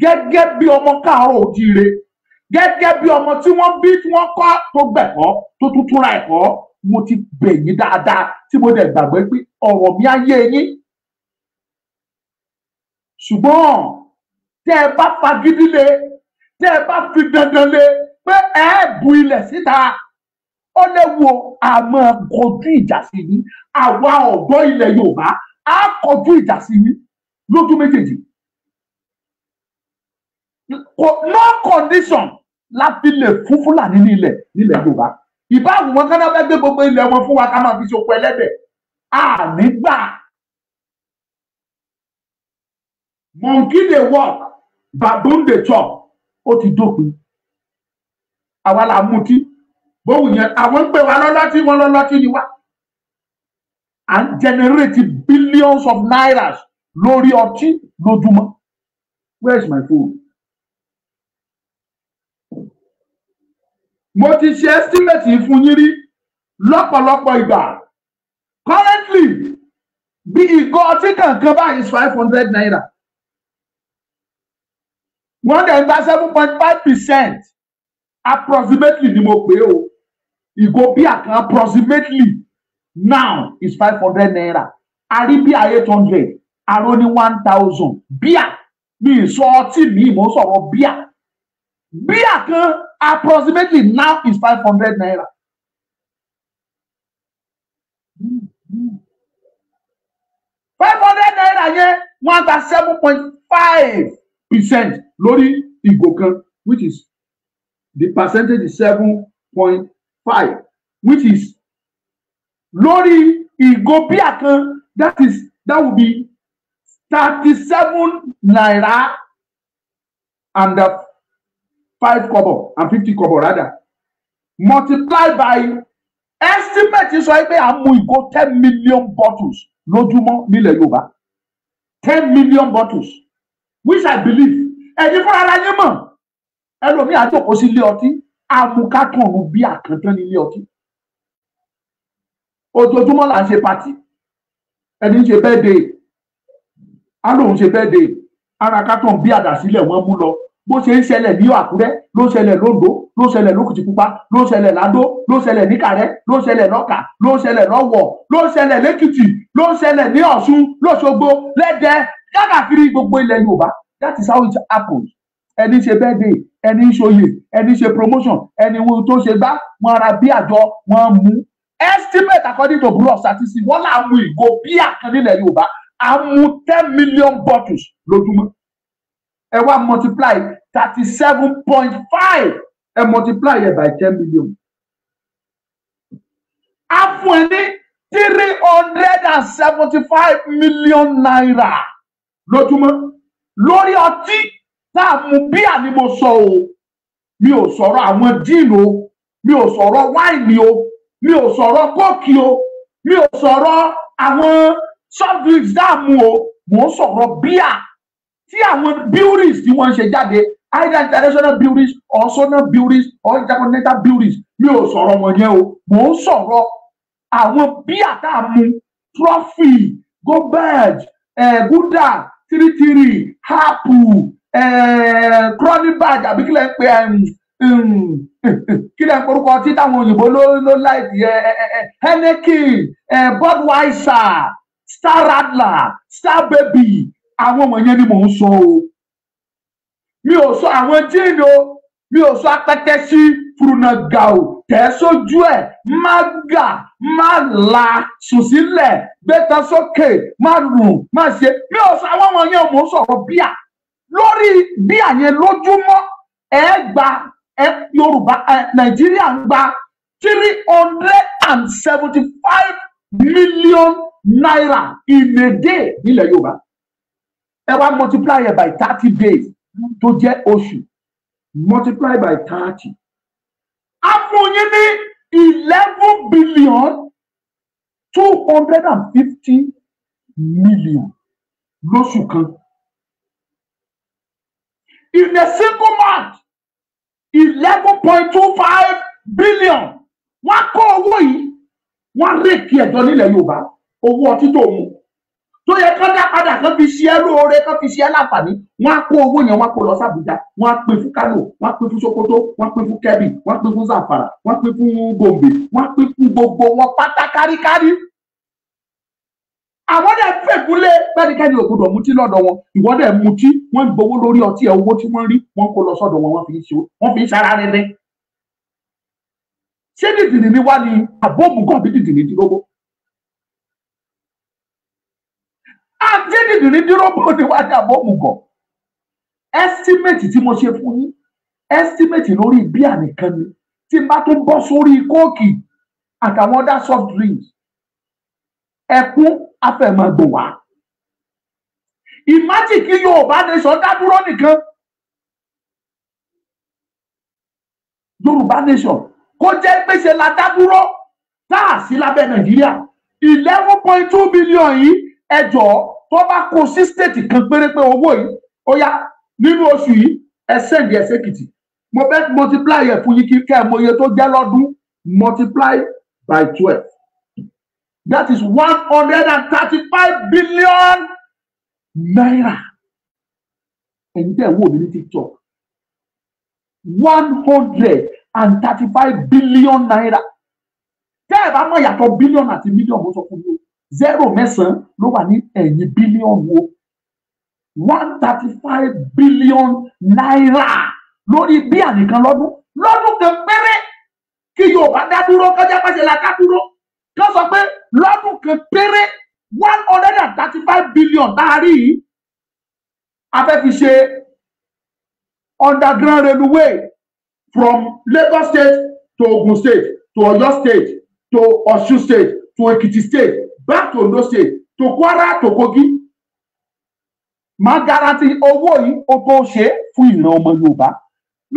gẹ́gẹ́ bí ọmọ káàárọ̀ òjíire gẹ́gẹ́ bí ọmọ tí wọ́n bí tí wọ́n kọ́ tó gbẹ̀kọ́ tó tún túnra ẹ̀kọ́ mo ti bẹ̀ yín dáadáa tí mo dẹ̀ gbàgbé pé ọ̀rọ̀ mi á yé yín ṣùgbọ́n tẹ́ ẹ bá fagídí lé tẹ́ ẹ bá fi dandan lé pé ẹ bu ilẹ̀ síta ó léwu àmọ́ kojú ìjà sí ni àwa ọ̀dọ́ ilẹ̀ Yorùbá á kojú ìjà sí ni lójú méjèèjì no condition la fi lè fún Fúlàní nílẹ̀ nílẹ̀ Yorùbá ìbáàmù wọn kánná fẹ́ gbé gbogbo ilẹ̀ wọn fún wa ká máa fi ṣoko ẹlẹ́dẹ̀ àmì gbà monkey dey walk baboon dey chop ó ti dópin àwa là mutí bówù yẹn àwọn ń pè wá lọ́lọ́tí wọn lọ́lọ́tí ni wá à ń generate billions of naira. lórí ọtí lójúmọ́ where is my phone. mo ti ṣe estimate yìí fún yín rí lọ́pọ̀lọpọ̀ ìgbà currently bí ìgò ọtí kankan báyìí is five hundred naira wọ́n dẹ̀ ń gba seven point five percent approximately ni mo pè o ìgò bíà kan approximately now is five hundred naira àríbíà eight hundred àrò ní one thousand bíà mi sọ ọtí mi mo sọ̀rọ̀ bíà bíà kan approximately now is five hundred naira. five hundred naira yẹn wọ́n ta seven point five percent lórí ìgò kan which is the percentage is seven point five which is lórí ìgò kan that is that would be thirty seven naira and five kobo and fifty kobo rather Multiply by estimate sọ pé a mú ìgò ten million bottles lójúmọ́ nílẹ̀ Yorùbá ten million bottles which I believe ẹ̀yin fúnra ara yín mọ̀ ẹlòmíì àjòkó sí ilé ọtí amúkákànrún bí àkàntán ní ilé ọtí ojoojúmọ́ là ń ṣe patí ẹni ń ṣe bẹ́ẹ̀dẹ̀ á lóun ṣe bẹ́ẹ̀dẹ̀ ara kátàn bí àdásílẹ̀ wọ́n mú lọ bó ṣe ń ṣẹlẹ̀ ní àkúrẹ́ ló ṣẹlẹ̀ lóńdó ló ṣẹlẹ̀ lókìtìpupa ló ṣẹlẹ̀ ládó ló ṣẹlẹ̀ níkàrẹ́ ló ṣẹlẹ̀ lọ́kà ló ṣẹlẹ̀ lọ́wọ̀ ló ṣẹlẹ̀ lẹ́kìtì ló ṣẹlẹ̀ ní ọ̀ṣun lọ́ṣogbo lẹ́dẹ káàkiri gbogbo ilẹ̀ yorùbá that is how it happens ẹni ṣe birthday ẹni ṣoyè ẹni ṣe promotion ẹni wọn tó ṣe gbá wọn ara bí àjọ wọn mú estimate according to bureau of statistics wọn là ń mú ìgò bí àkànní ilẹ̀ yorùbá à ń mú ten million bottles lójúmọ́ ẹ wá multiply thirty seven point five ẹ multiply ẹ by ten million A fún ẹ ní three hundred and seventy five million naira lójúmọ́ lórí ọtí láàmú bíà ni mo sọ o mi ò sọ̀rọ̀ àwọn díìnì o mi ò sọ̀rọ̀ wáìnì o mi ò sọ̀rọ̀ kóòkì o mi ò sọ̀rọ̀ àwọn sọ́fìlì dáàmú o mò ń sọ̀rọ̀ bíà tí àwọn breweries tí wọ́n ń ṣe jáde either international breweries or zonal breweries or intercontinental breweries mi ò sọ̀rọ̀ wọn yẹn o mò ń sọ̀rọ̀ àwọn bíà tá a mu trophy goberg eh, tiritiri hapu Eh, cronenberg àbí kílẹ̀ ń pe kílẹ̀ ń porúkọ tí táwọn òyìnbó ló ló láìpì eh, eh, Heineken Budweiser Star Radler Star Baby àwọn wọ̀nyẹn ni mò ń sọ o mi ò sọ àwọn jíìnì o mi ò sọ apẹtẹ sí furunagao tẹ̀sójú ẹ̀ má gà má la sùn sílẹ̀ gbé tan sókè má rùn má ṣe mi ò sọ àwọn wọ̀nyẹn mò ń sọ̀rọ̀ bíà lórí bí àyẹn lójúmọ́ ẹ gba yorùbá nàìjíríà ń gba three hundred and seventy five million naira in a day nílẹ̀ yorùbá ẹ wá multiply by thirty days tó jẹ́ oṣù multiply by thirty á fún ní eleven billion two hundred and fifty million lóṣù kan in a single month eleven point two five billion wọ́n kó owó yìí wọ́n rèékì ẹ̀jọ́ nílẹ̀ Yorùbá owó ọtí tó mu tó yẹ kán dá padà kán fi ṣe é lóore kán fi ṣe é láǹfààní wọ́n á kó owó yẹn wọ́n á kó lọ sàbújá wọ́n á pín fún Kano wọ́n á pín fún Sokoto wọ́n á pín fún Kebbi wọ́n á pín fún Zamfara wọ́n á fún Gombe wọ́n á fún gbogbo wọn pátá káríkárí àwọn dẹ̀ fègúnlé pẹ́nikẹ́ni ò gbọdọ̀ mutí lọ́dọ̀ wọn ìwọ dẹ̀ mutí wọ́n ń gbowó lórí ọtí ẹ̀ owó tí wọ́n rí wọ́n kó lọ sọ́dọ̀ wọn wọ́n fi ń ṣe wọ́n fi ń ṣara rere. ṣé dìdìní ni wá ní àbọ̀mù kan bí dìdìní dúrógbó. àti dìdìní dúrógbó ni wá ní àbọ̀mù kan. estimate tí mo ṣe fún yín estimate lórí bíà nìkan ni tí n bá tó bọ́ sórí kóòkì àtàwọn other soft drinks ẹkún afẹ́mọ̀gbò wá ìmájì kí Yorùbá nation dá dúró nìkan Yorùbá nation kó jẹ́ gbèsè la dá dúró tá a sí lábẹ́ Nàìjíríà eleven point two billion yìí ẹjọ́ tó bá kó sí state kan pérépé owó yìí ó yá nínú oṣù yìí ẹ sẹ́ǹdì ẹ sẹ́kìtì mo fẹ́ multiply ẹ̀ fún yín kí kẹ́ ẹ mọ iye tó jẹ́ lọ́dún multiply by twelve That is 135 billion naira. Ẹ̀yin tẹ́ ẹ̀ wò mí ní TikTok. 135 billion naira. Tẹ́ ẹ̀ bá mọ̀ yàtọ̀ billion àti million mo sọ fún mi o. Zero mẹ́sàn-án ló wà ní ẹ̀yìn billion thirty-five billion naira lórí bíà nìkan lọ́dún. Lọ́dún kan péré kí Yorùbá dá dúró kọjá pàṣẹ la ká dúró. Kí wọ́n sọ pé lọ́dún kan péré one hundred and thirty five billion tá a rí yìí a fẹ́ fi ṣe underground railway from Lagos state to Ogun state to Oyo state to Osun state to Ekiti state back to Ondo state to Kwara to Kogi máa garanti owó yìí ó tó ṣe fún ìran ọmọ Yorùbá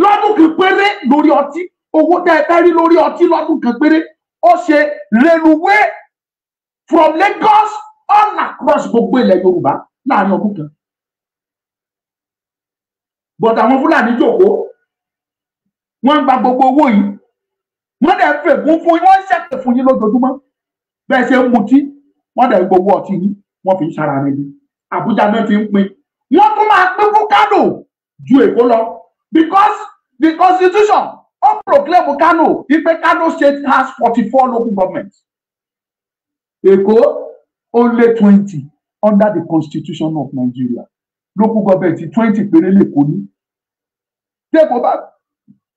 lọ́dún kan péré lórí ọtí owó tẹ́ ẹ fẹ́ rí lórí ọtí lọ́dún kan péré ó ṣe rélùwé from Lagos all across gbogbo ilẹ̀ Yorùbá láàrin ọdún kan but àwọn Fúlàní jòkó wọ́n ń gba gbogbo owó yìí wọ́n dẹ̀ fègún fún yín wọ́n ń ṣẹ̀pẹ̀ fún yín lójoojúmọ́ bẹ́ẹ̀ ṣe ń mutí wọ́n dẹ̀ gbowó ọtí yín wọ́n fi ń ṣara rẹ̀ ni Àbújá náà ti ń pín wọ́n tún máa pín fún Kánò ju Èkó lọ because the constitution ó proclaim Kánò wípé Kánò state has forty four local governments Eko only twenty under the constitution of Nigeria local government twenty péré lè kó ní. Tẹ́kọ̀ọ́ bá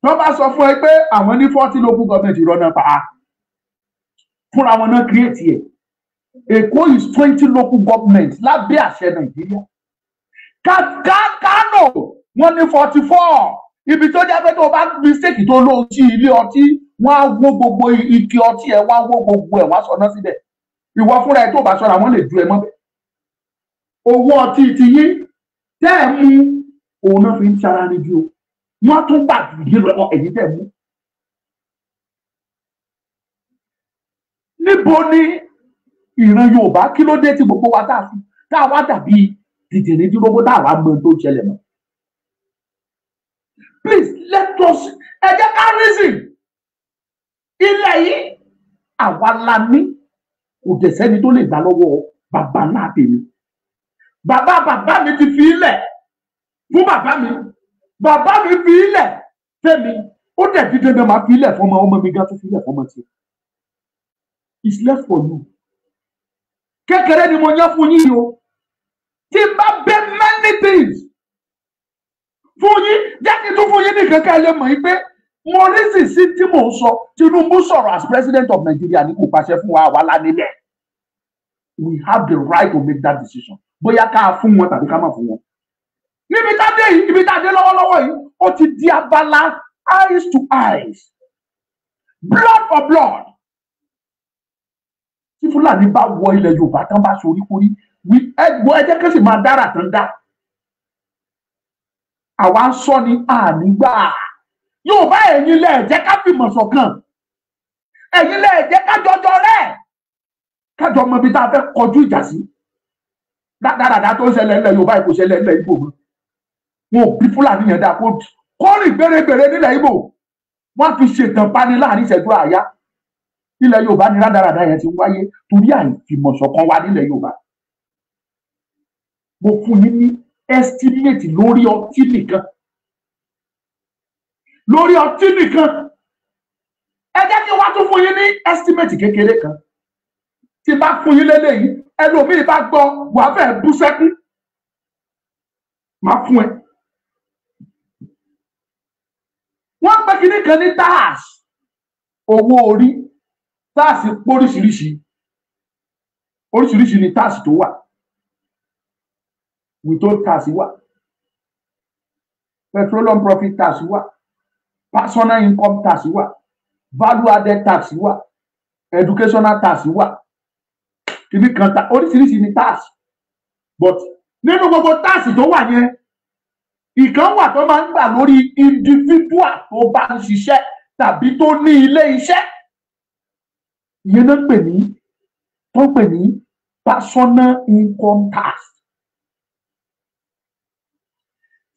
tọ́ bá sọ fún ẹ pé àwọn ní forty local government ìrọ̀nà pa á fúnra wọn náà create ẹ̀. Èkó is twenty local government lábẹ́ àṣẹ Nàìjíríà. Kano wọ́n ní forty four ibi tó jẹ́ pé tó bá mistake tó lóun sí ilé ọtí wọ́n á wó gbogbo ike ọtí ẹ̀ wọ́n á wó gbogbo ẹ̀ wọ́n á sọ náà síbẹ̀ ìwọ fúnra ẹ tó bá ṣọ́ra wọn lè ju ẹ mọ́ bẹ́ẹ̀ owó ọtí ti yín tẹ́ ẹ mú òun náà fi ń ṣara ni bí o wọ́n tún gbà yín lọ ẹ̀yìn tẹ́ ẹ mú. níbo ni ìran Yorùbá kí ló dé tí gbogbo wa tá a fi tá a wá dàbí dìdìrín dúrógbó tá a wá mọ tó ṣẹlẹ̀ mọ́. please let us ẹ jẹ́ ká reason ilẹ̀ yìí àwa la ní kò dẹ̀ sẹ́ni tó lè gbà lọ́wọ́ bàbá náà tèmi bàbá bàbá mi ti fi ilẹ̀ fún bàbá mi bàbá mi fi ilẹ̀ fẹ́mi ó dẹ̀ fi dandan máa fi ilẹ̀ fọmọ ọmọ mi gan tó fi ilẹ̀ fọmọ tiẹ̀ it's left for you kékeré ni mo yán fún yín o tí bá bẹ many things fún yín jáde tún fún yín nìkan ká lè mọ̀ yín pé mo rí sísí tí mò ń sọ Tinubu sọ̀rọ̀ as president of Nigeria ní kò pàṣẹ fún wa wà lánilẹ̀ we have the right to make that decision bóyá ká fún wọn tàbí ká má fún wọn. níbi tá a dé yìí ibi tá a dé lọ́wọ́lọ́wọ́ yìí ó ti di abala eyes to eyes blood for blood. tí fúlàní bá wọ ilẹ̀ yorùbá tán bá sorí kórí ẹgbọ́n ẹ jẹ́ kí sì máa dára tán dá. àwa ń sọ ní ànígbà yorùbá ẹ̀yin lẹ́ẹ̀jẹ́ ká fìmọ̀ ṣọ̀kan ẹ̀yin lẹ́ẹ̀jẹ́ ká jọjọ rẹ̀ kájọ mọ ibi tá a fẹ́ kọjú ìjà sí dáadáa tó ń ṣẹlẹ̀ ńlẹ̀ Yorùbá kò ṣẹlẹ̀ ńlẹ̀ Ìgbò mọ́ wọn ò bí Fúlàní yẹn dáa kó rìn gbèrègbèrè nílẹ̀ Ìgbò wọn fi ṣètàn pani láàrin ìṣẹ́jú àyá ilẹ̀ Yorùbá ni rádaràda yẹn ti ń wáyé torí àìfìmọ̀ṣọ̀kan wa nílẹ̀ Yorùbá mo fún yín ní estimate lórí ọtí nìkan lórí ọtí nìkan ẹ jẹ́ kí wá tún fún yín ní estimate kékeré kan tí bá fún yín lélẹ̀ yìí ẹlòmíì bá gbọ́ wà á fẹ́ bú sẹ́kún máa fún ẹ. wọ́n pẹ́ kínní kan ní tax owó orí tax póríṣiríṣi oríṣiríṣi ni tax tó wà withhold tax wà petroleum profit tax wà personal income tax wà value added tax wà educational tax wà ibi kan ta oríṣiríṣi ni tax but nínú gbogbo tax tó wà yẹn ìkan wà tó máa ń gbà lórí individual tó bá ń ṣiṣẹ́ tàbí tó ní ilé iṣẹ́ ìyẹn náà pè ní tó pè ní personal income tax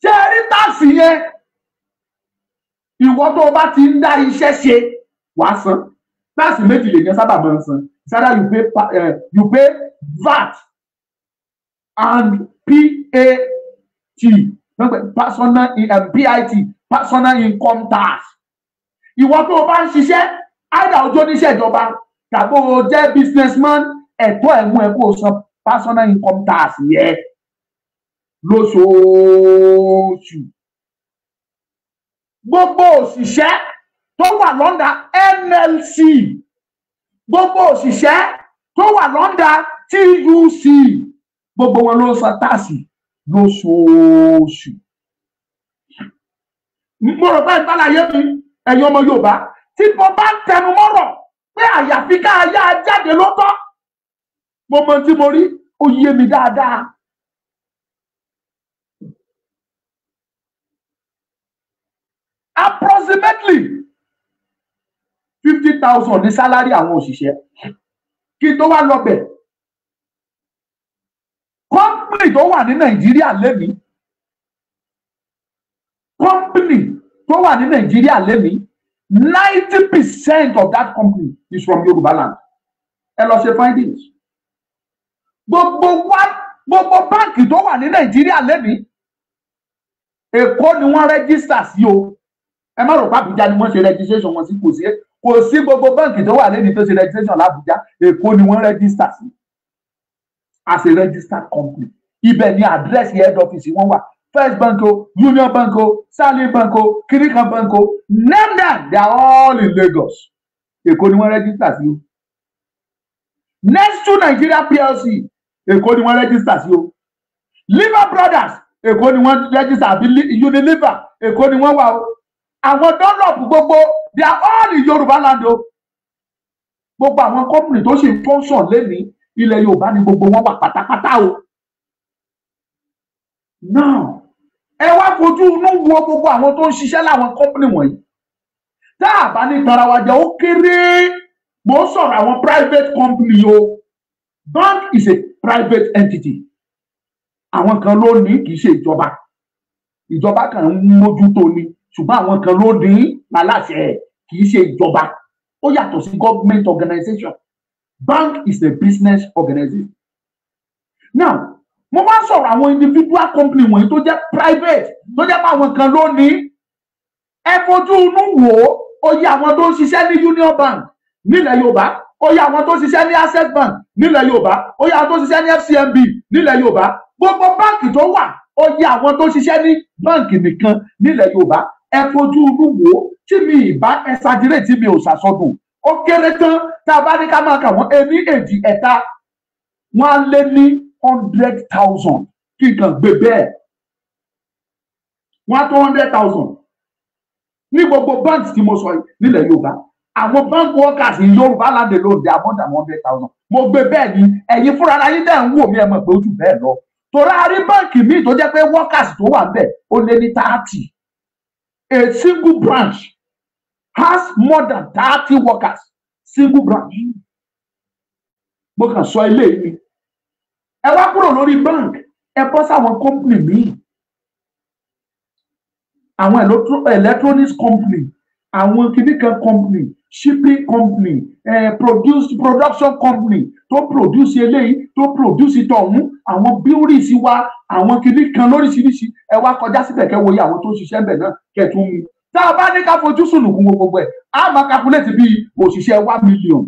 ṣé ẹ rí tax yẹn ìwọ tó bá ti ń dá iṣẹ́ ṣe wàá san tax méjì sábà máa ń san So that you pay uh, you pay VAT and PAT personal and eh, PIT personal income tax. Ìwọ tó o bá ń ṣiṣẹ́ either o jẹ́ oníṣẹ́ ìjọba tàbí o jẹ́ businessman ẹ̀tọ́ ẹ̀mú ẹ̀ kó san personal income tax yẹ lóṣooṣù. Gbogbo òṣìṣẹ́ tó wà lọ́ndà NLC gbogbo òṣìṣẹ́ tó wà lọ́ndà tuc gbogbo wọn ló ń san táàsì lóṣooṣù mo rò pé ìbálàyé mi ẹ̀yin ọmọ Yorùbá tí mo bá ń tẹnu mọ́rọ̀ pé àyàfi ká yá jáde ló tọ́ mo mọ tí mo rí ó yé mi dáadáa. approximately fifty thousand ní salary àwọn òṣìṣẹ́ kí tó wá lọ bẹ̀ kọ́ńpìnì tó wà ní nàìjíríà lẹ́mí kọ́ńpìnì tó wà ní nàìjíríà lẹ́mí ninety percent of that company is from Yorùbá land ẹ lọ ṣe findings gbogbo wá gbogbo báǹkì tó wà ní nàìjíríà lẹ́mí èkó ni wọ́n rẹ́gísítà sí o ẹ má rò pàbíjà ni wọ́n ṣe rẹ́gísítà wọn sí kò sí kò sí gbogbo báǹkì tó wà lẹ́ni tó ṣe registration làbújá èkó ni wọ́n register sí as a registered company ibẹ̀ ni àdírẹ́sì head office wọ́n wà First Bank o Union Bank o Stanbic Bank o kirikan Bank o name them they are all in Lagos èkó ni wọ́n register sí o next to Nigeria PLC èkó ni wọ́n register sí o Liver Brothers èkó ni wọ́n register àbí Unilever èkó ni wọ́n wà o àwọn Dunlop gbogbo they are all in Yorùbá land o oh. gbogbo àwọn company tó sì ń sponsor lẹ́nìí ilẹ̀ Yorùbá ni gbogbo wọn wà pátápátá o oh. now ẹ wá fojú inú wo gbogbo àwọn tó ń ṣiṣẹ́ láwọn company wọ̀nyí tá a bá ní tara wa jẹ ó kéré mò ń sọ̀rọ̀ àwọn private company o oh. bank is a private entity àwọn kan ló ní kì í ṣe ìjọba ìjọba kan ń mójútó ni ṣùgbọ́n àwọn kan ló dín aláṣẹ ẹ̀ kì í ṣe ìjọba ó yàtọ̀ sí government organization bank is a business organization. now mo máa ń sọ̀rọ̀ àwọn individual company wọ̀nyí tó jẹ́ private tó jẹ́ pé àwọn kan ló ní ẹ fojú inú wò ó oye àwọn tó ń ṣiṣẹ́ ní Union Bank nílẹ̀ Yorùbá oye àwọn tó ń ṣiṣẹ́ ní Access Bank nílẹ̀ Yorùbá oye àwọn tó ń ṣiṣẹ́ ní FCMB nílẹ̀ Yorùbá gbogbo báǹkì tó wà oye àwọn tó ń ṣiṣẹ́ ní báǹkì nìkan nílẹ̀ Yorùbá ẹ fojú inú wò tí mi ìbá ẹsàdírè tí mi ò ṣàsọdùn ó kéré tán tá a bá ní ká máa kà wọ́n ẹni èjì ẹ̀ta wọ́n á lé ní hundred thousand kí n kàn gbé bẹ́ẹ̀ wọ́n á tó hundred thousand ní gbogbo bank tí mo sọ nílẹ̀ Yorùbá àwọn bank workers in Yorùbá land alone dey above than hundred thousand mo gbé bẹ́ẹ̀ ni ẹ̀yin fúnra ara yín dẹ̀ ń wò mí ẹ mọ̀ pé ó jù bẹ́ẹ̀ lọ torí a rí báǹkì míì tó jẹ́ pé workers tó wà ń bẹ̀ ó lé ní thirty a single branch has more than thirty workers single branch mo kàn sọ ilé mi ẹ wá kúrò lórí bank ẹ bọ́ sáwọn company míì àwọn electronics company àwọn kìnnìkan company shipping company eh, produce production company tó produce eléyìí tó produce tọ̀hún àwọn breweries wa àwọn kìnnì kan lóríṣiríṣi ẹ wá kọjá síbẹ̀ kẹ́ wòye àwọn tó ń ṣiṣẹ́ bẹ̀ náà kẹ́ tún mu tá a bá ní ká fojú sùnùkùn gbogbo ẹ̀ á máa calculate bí òṣìṣẹ́ one million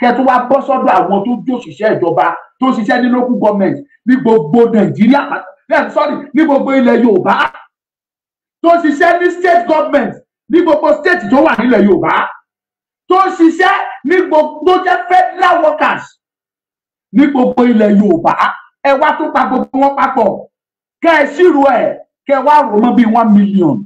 kẹ́ tó wá bọ́ sọ́dọ̀ àwọn tó jó òṣìṣẹ́ ìjọba tó ṣiṣẹ́ ní local government ní gbogbo Nàìjíríà sorry ní gbogbo ilẹ̀ Yorùbá tó ṣiṣẹ́ ní state government ní gbogbo state tó wà nílẹ̀ Yorùbá tó ṣiṣẹ́ ní gbogbo tó jẹ́ federal workers ní gbogbo ilẹ̀ Yorùbá ẹ wá tó pa gbogbo wọn papọ̀ kẹ́ ẹ ṣírò ẹ̀ kẹ́ ẹ wá rò mọ́ bíi one million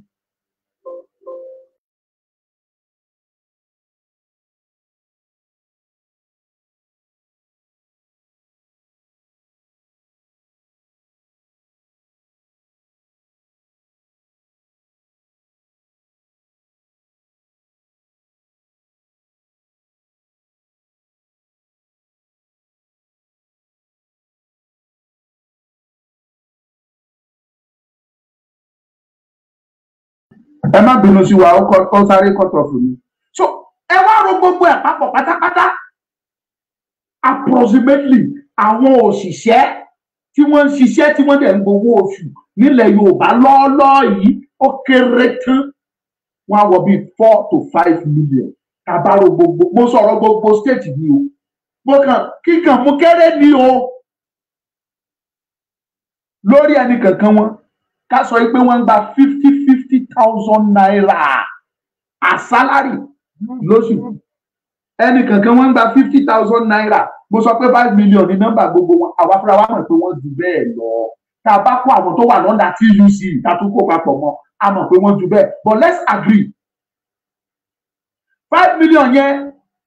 ẹ má bínú sí wa ó sáré kọ́tọ̀ọ̀fù mi so ẹ wá ro gbogbo ẹ̀ papọ̀ pátápátá approximately àwọn òṣìṣẹ́ tí wọ́n ń ṣiṣẹ́ tí wọ́n dẹ̀ ń gbowó oṣù nílẹ̀ Yorùbá lọ́ọ́lọ́ọ́ yìí ó kéré tán wọ́n á wọ bíi four to five million tàbárò gbogbo mo sọ̀rọ̀ gbogbo state ni o mo kàn kíkàn mú kéré ni o lórí ẹnì kankan wọn ká sọ pé wọ́n ń gba fifty thousand naira as salary lóṣù ẹnì kankan wọ́n ń gba fifty thousand naira mo sọ pé five million ní nọ́mbà gbogbo wọn àwa fúnra wa mọ̀ pé wọ́n ju bẹ́ẹ̀ lọ tá a bá kó àwọn tó wà lọ́ndà tuc ìtàtúkò papọ̀ mọ́ a mọ̀ pé wọ́n ju bẹ́ẹ̀ but let's agree five million yẹn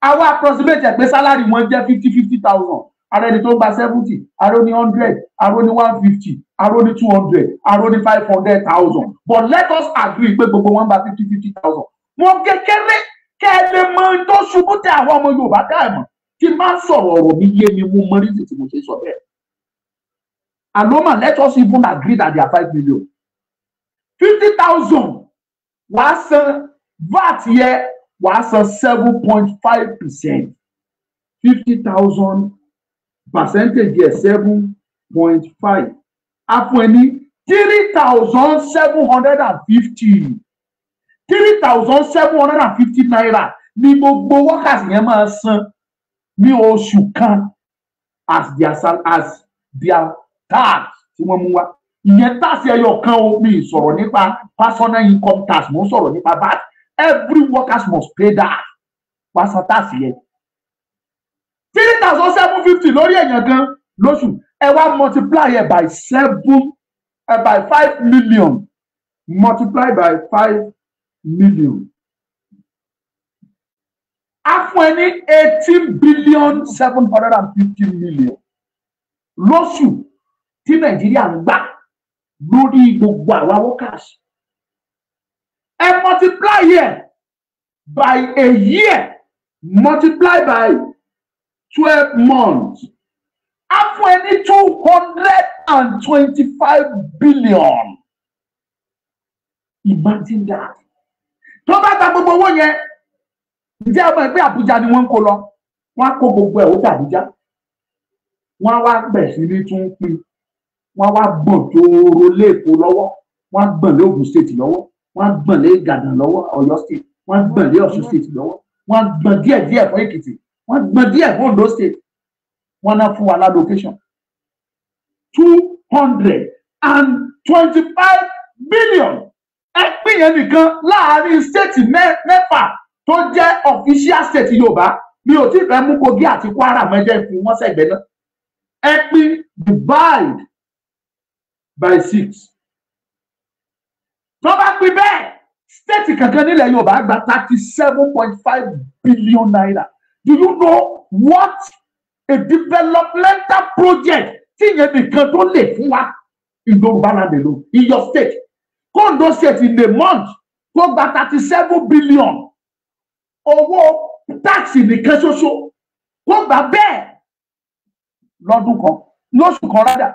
àwa approximate ẹ̀ pé salary wọn jẹ́ fifty fifty thousand ara ẹni tó ń gba seventy ara ó hundred ara ó one fifty ara ó two hundred ara ó five hundred thousand but let us agree pé gbogbo wọn gba fifty fifty thousand. mo kékeré kẹ́ ẹ lè mọ ohun tó ṣubú tẹ àwọn ọmọ Yorùbá dáìmọ̀ kí n bá sọ̀rọ̀ ọ̀rọ̀ mi yé mi mo mọ rísì tí mo ṣe sọ bẹ́ẹ̀. àlọ́mà let us even agree that they are five million fifty thousand wàá san VAT yẹ wàá san seven point five percent fifty thousand percentage yẹ seven point five a fún three thousand seven hundred and fifty three thousand seven hundred and fifty naira ni gbogbo workers' yẹn máa san ní oṣù kan as their sal as their tax tí wọ́n mú wá ìyẹn tax ẹyọ kan o mi sọ̀rọ̀ nípa personal income tax mo sọ̀rọ̀ nípa VAT every workers must pay that pàṣẹ tax yẹn three thousand seven fifty lórí èèyàn gan lóṣù ẹ wá multiply ẹ by seven ẹ by five million multiply by five million á fún ẹ ní eighteen billion seven hundred and fifty million lóṣù tí nàìjíríà ń gbà lórí gbogbo àwa workers ẹ multiply ẹ by a year multiply by twelve months á fún two hundred and twenty-five billion imagine that tó bá ta gbogbo owó yẹn ǹjẹ́ ọmọ ẹgbẹ́ Àbújá ni wọ́n ń kó lọ wọ́n á kó gbogbo ẹ̀ ó dàbíjá wọ́n á wá bẹ̀ ní tún pín wọ́n á wá gbọ̀n tó ro lẹ́ẹ̀kọ́ lọ́wọ́ wọ́n á gbọ̀n lé Ògùn state lọ́wọ́ wọ́n á gbọ̀n lé Ìgàdàn lọ́wọ́ Ọ̀yọ́ state wọ́n á gbọ̀n lé Ọ̀ṣun state lọ́wọ́ wọ́n á gbọ̀n díẹ̀ fún Èkìtì wọ́n gbọ́n díẹ̀ fún Ondo state wọ́n náà fún wa lálòkéṣàn two hundred and twenty-five billion ẹgbẹ́ yẹn nìkan láàárín state mẹ́fà tó jẹ́ official state Yorùbá mi ò tí ì fẹ́ mú Kogi àti Kwara mẹ́jẹ̀ fún wọn sẹ́gbẹ́ náà ẹpin divide by six tó bá pín bẹ́ẹ̀ state kankan nílẹ̀ Yorùbá gba thirty seven point five billion naira do you know what a developmental project tí yẹn nìkan tó lè fún wa ìdòǹgbà náà lè lò in your state Ondo state in a month tó gba thirty seven billion owó táàsì nìkan ṣoṣo kó gbà bẹ́ẹ̀ lọ́dún kan lóṣù kan rádà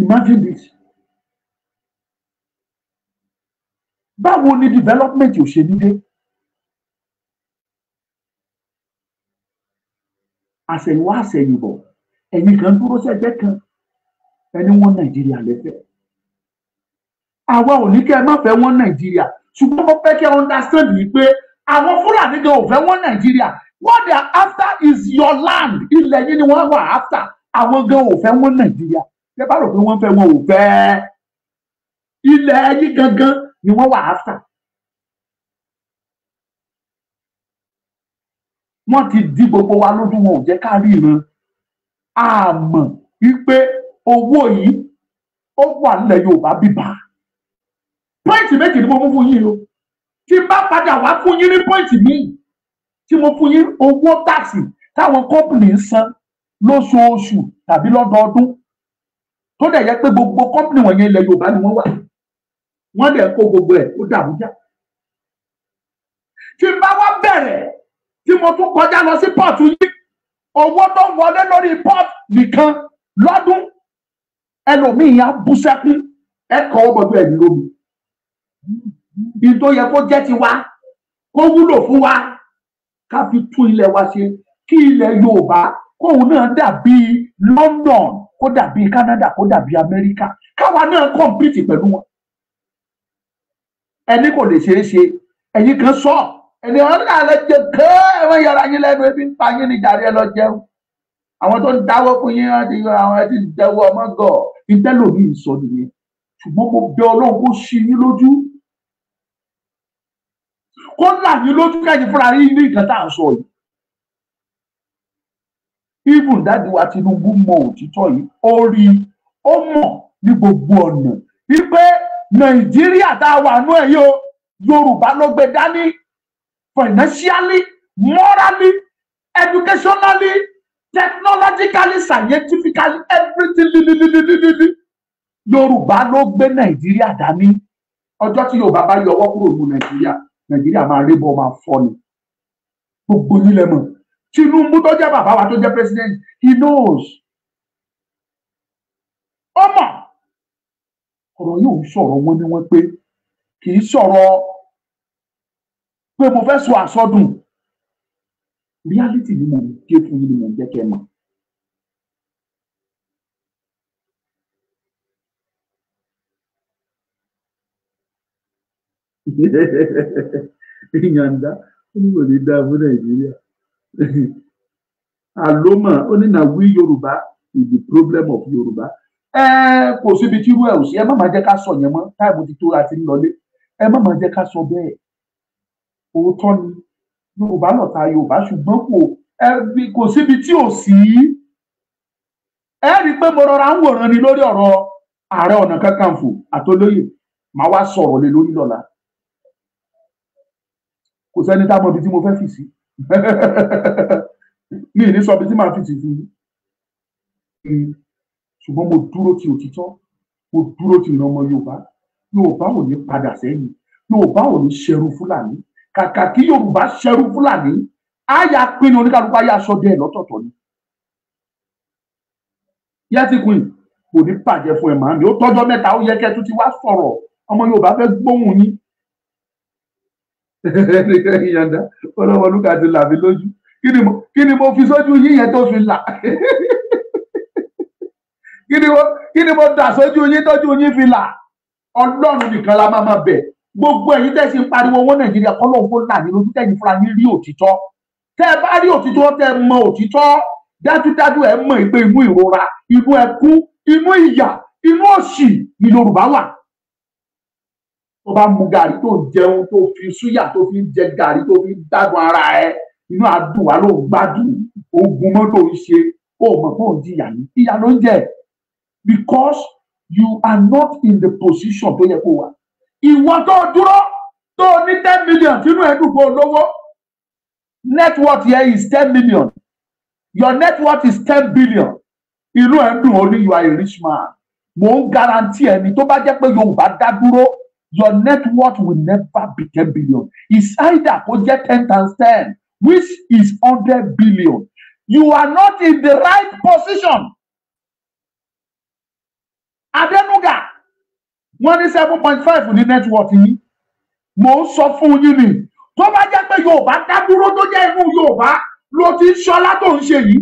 imagine this báwo ni development ò ṣe ní àsẹ̀yìnwá àsẹ̀yìnbọ̀ ẹ̀yin kan dúró sẹ́gbẹ́ kan ẹni wọ́n nàìjíríà lẹ́fẹ̀ẹ́ àwa ò ní kẹ́ ẹ má fẹ́ wọ́n nàìjíríà ṣùgbọ́n mo fẹ́ kẹ́ ẹ understand yìí pé àwọn fúlàní gan ò fẹ́ wọ́n nàìjíríà what they are after is your land ilẹ̀ yìí ni wọ́n wà after àwọn gan ò fẹ́ wọ́n nàìjíríà ṣé bá rò pé wọ́n fẹ́ wọn ò fẹ́ ilẹ̀ yìí gangan ni wọ́n wà after wọ́n ti di gbogbo wa lójú wọn ò jẹ́ ká ríran a mọ̀ wípé owó yìí ó wà nílẹ̀ Yorùbá bíbá pọ́ìntì méjì ni mo mú fún yín o tí bá padà wá fún yín ní pọ́ìntì míì tí mo fún yín owó táàsì táwọn kọ́pìnì ń san lóṣooṣù tàbí lọ́dọọdún tó dẹ̀ yẹ pé gbogbo kọ́pìnì wọ̀nyẹn ilẹ̀ Yorùbá ni wọ́n wà wọ́n dẹ̀ kó gbogbo ẹ̀ ó dàrú já tí bá wá bẹ̀rẹ̀ mo tún kọjá lọ sí port yìí owó tó ń wọlé lórí port nìkan lọ́dún ẹlòmíì á bú sẹ́kún ẹ̀kọ́ ọmọdé ẹ̀ lómi ìtò yẹ kó jẹ́ tiwa kó wúlò fún wa ká fi tún ilẹ̀ wa ṣe kí ilẹ̀ Yorùbá kóun náà dàbí London kó dàbí Canada kó dàbí Amẹ́ríkà káwa náà kọ̀ǹpìtì pẹ̀lú wọn ẹni kò lè ṣeé ṣe ẹ̀yin kan sọ èdè wọn náà lọ jẹ gé ẹwọn yọra yín lẹ́nu ebi ń pa yín ní ìjàre ẹ lọ jẹun àwọn tó ń dáwọ́ fún yín wọn ti yọ àwọn ẹtí ń dẹwọ ọmọ gọ ìtẹlómiì sọ nìyẹn ṣùgbọ́n mo bẹ̀ Ọlọ́run kó ṣí yín lójú kó là yín lójú kẹyìn fúnra yín ní ìkan tá yìí even dáàdi wa Tinubu mọ òtítọ́ yìí ó rí ó mọ̀ ní gbogbo ọ̀nà wípé Nàìjíríà tá a wà nú ẹ̀ yìí Yorùbá ló gbé dání financially morally educationally technologically scientifically everything lílílílílílí yorùbá ló gbé nàìjíríà dání ọjọ́ tí yorùbá bá yọ ọwọ́ kúrò nínú nàìjíríà nàìjíríà máa rí bọ máa fọ́ ni gbogbo yín lẹmọ tinubu tó jẹ́ bàbá wa tó jẹ́ president he knows ọmọ ọ̀rọ̀ yóò sọ̀rọ̀ wọn ni wọn pé kì í sọ̀rọ̀ pé mo fẹ́ sọ àsọdùn reality ni mo ké fún yín ni mo jẹ́ kẹ́ mọ̀. ìyànda ó ní kò ní dáa fún nàìjíríà àlómọ̀ ó ní na wí yorùbá is the problem of yorùbá ẹ kò síbi tí irú ẹ ò sí ẹ má máa jẹ́ ká sọ yẹn mọ́ táìmù ti tó láti ń lọlé ẹ má máa jẹ́ ká sọ bẹ́ẹ̀ òótọ́ ni yorùbá náà ta yorùbá ṣùgbọ́n kò kò síbi tí ò sí ẹ rí i pé mo rọra ń wòran ni lórí ọ̀rọ̀ ààrẹ ọ̀nà kakanfò àtolóyè màá wá sọ̀rọ̀ lé lórí lọ́la kò sẹ́ni tá a mọ ibi tí mo fẹ́ fì sí mi ì ní sọ ibi tí màá fì sí fún yín ṣùgbọ́n mo dúró ti òtítọ́ mo dúró ti ìran ọmọ yorùbá yorùbá ò ní padà sẹ́yìn yorùbá ò ní ṣẹrú fúlàní kàkà kí yorùbá ṣẹrú fúlàní á yà pinnu oníkálukú á yà sọ díẹ̀ lọ́tọ̀ọ̀tọ̀ ni yẹtìkùn kò ní bàjẹ́ fún ẹ màá mi ó tọ́jọ́ mẹ́ta ó yẹ kẹ́ tó ti wá sọ̀rọ̀ ọmọ yorùbá fẹ́ gbóhùn yín yànda ọlọ́wọ́ lúkà ti là mí lójú kí ni mo fi sójú yín yẹn tó fi là kí ni mo dà sójú yín tọ́jú yín fi là ọlọ́run nìkan la máa máa bẹ̀ gbogbo ẹ̀yin tẹ́ ṣe ń pariwo owó nàìjíríà kọ́lọ́ owó là ní lójú tẹ́yìn fúnra yín rí òtítọ́ tẹ́ bá rí òtítọ́ tẹ́ mọ òtítọ́ dájúdájú ẹ mọ̀ pé inú ìrora inú ẹkún inú ìyà inú òṣì ni yorùbá wà tó bá mu gàrí tó jẹun tó fi súyà tó fi jẹ gàrí tó fi dágun ara ẹ inú àdùnwá ló gbádùn ogun mọ́tò ń ó mọ̀ pé òun jìyà ní ìyà ló ń jẹ because you are not in the position tó yẹ kó wà ìwọ tó dúró tó ní ten million sínú ẹdùnkò olówó net worth yẹn is ten million your net worth is ten billion inú ẹ dùn ó ní you are a rich man mo ń guarantee ẹni tó bá jẹ́ pé yorùbá dá dúró your net worth will never be ten billion it's either kó jẹ́ ten times ten which is hundred billion you are not in the right position Adenuga wọ́n ní seven point five ní nẹ́tíwọ̀tì yìí mò ń sọ fún yín ni tó bá jẹ́ pé yorùbá dá dúró tó jẹ́ inú yorùbá ló ti ń ṣọlá tó ń ṣe yìí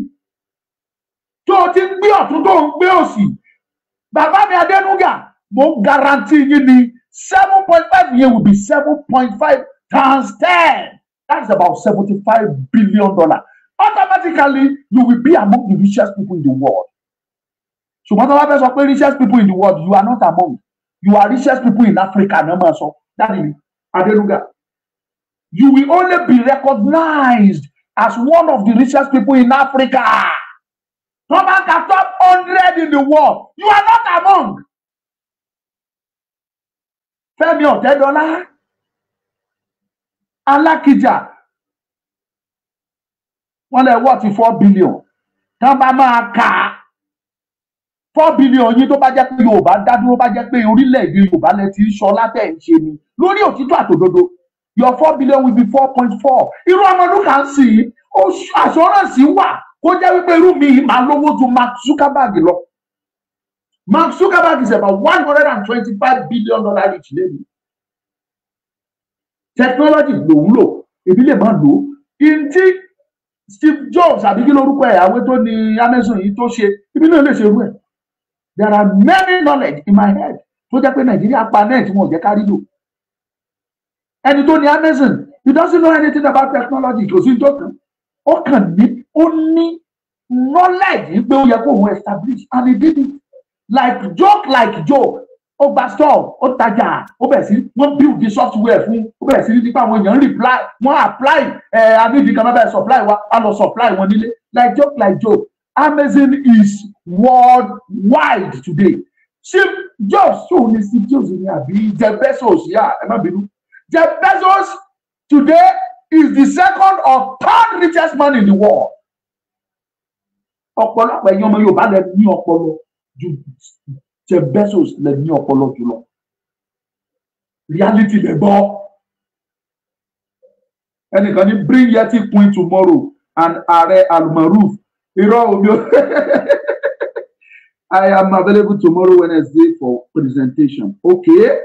tó ti ń gbé ọ̀tún tó ń gbé òsì bàbá mi adẹnuga mò ń garanti yín ni seven point five yẹn will be seven point five times ten that's about seventy five billion dollar automatically you will be among the richest people in the world ṣùgbọ́n tó bá fẹ́ sọ pé richest people in the world you are not among you are richest people in Africa number so. That is mi Adeluga you will only be recognized as one of the richest people in Africa tó bá top hundred in the world you are not among Fẹ́mi Ọ̀tẹ́dọ́lá Alákìjà wọ́n lè wọ́ọ̀tì four billion tán bá máa kà á four billion yín tó bá jẹ́ pé yorùbá dádúró bá jẹ́ pé orílẹ̀-èdè yorùbá lẹ ti ń sọ látẹ̀ ń ṣe ni lórí òtítọ́ àtòdodo your four billion will be four point four irú ọmọlúkà ń sì assurance wà kó jẹ́ wípé irú mi máa lówó ju mark zuckerberg lọ mark zuckerberg is about one hundred and twenty-five billion dollar rich lẹ́nu technology lòun lò èmi lè má lò ó ntí steve jobs àbí kí lórúkọ ẹ̀ àwẹ́ tó ní amazon yìí tó ṣe ibi náà lè ṣerú ẹ̀ there are many knowledge in my head tó jẹ́ pé nàìjíríà pa náà tí wọn ò jẹ́ ká rí lò ẹni tó ní amazon he doesn't know anything about technology kò sí tó kàn ó kàn ní ó ní knowledge pé ó yẹ kó òun establish and he did it like joke like joke ó gba store ó tajà ó bẹ̀rẹ̀ sí wọ́n build the software fún ó bẹ̀rẹ̀ sí ní nípa àwọn èèyàn reply wọ́n apply ẹ̀ eh, abidjan kan náà bẹ̀rẹ̀ supply wa a lọ supply wọn nílé like joke like joke Amazon is worldwide today. Chief Jobs tó ní Steve Jobs ní àbí Jeff Bezos yá ẹ má bínú. Jeff Bezos today is the second or third richest man in the world. Ọ̀pọ̀lọpọ̀ ẹ̀yin ọmọ Yorùbá lẹ ní ọpọlọ ju Jeff Bezos lẹ ní ọpọlọ jùlọ. Reality lẹ gbọ́. Ẹnìkan ní bring yẹtí pin tomorrow and ààrẹ Almaroof irọ́ omi o I am available tomorrow Wednesday for presentation okay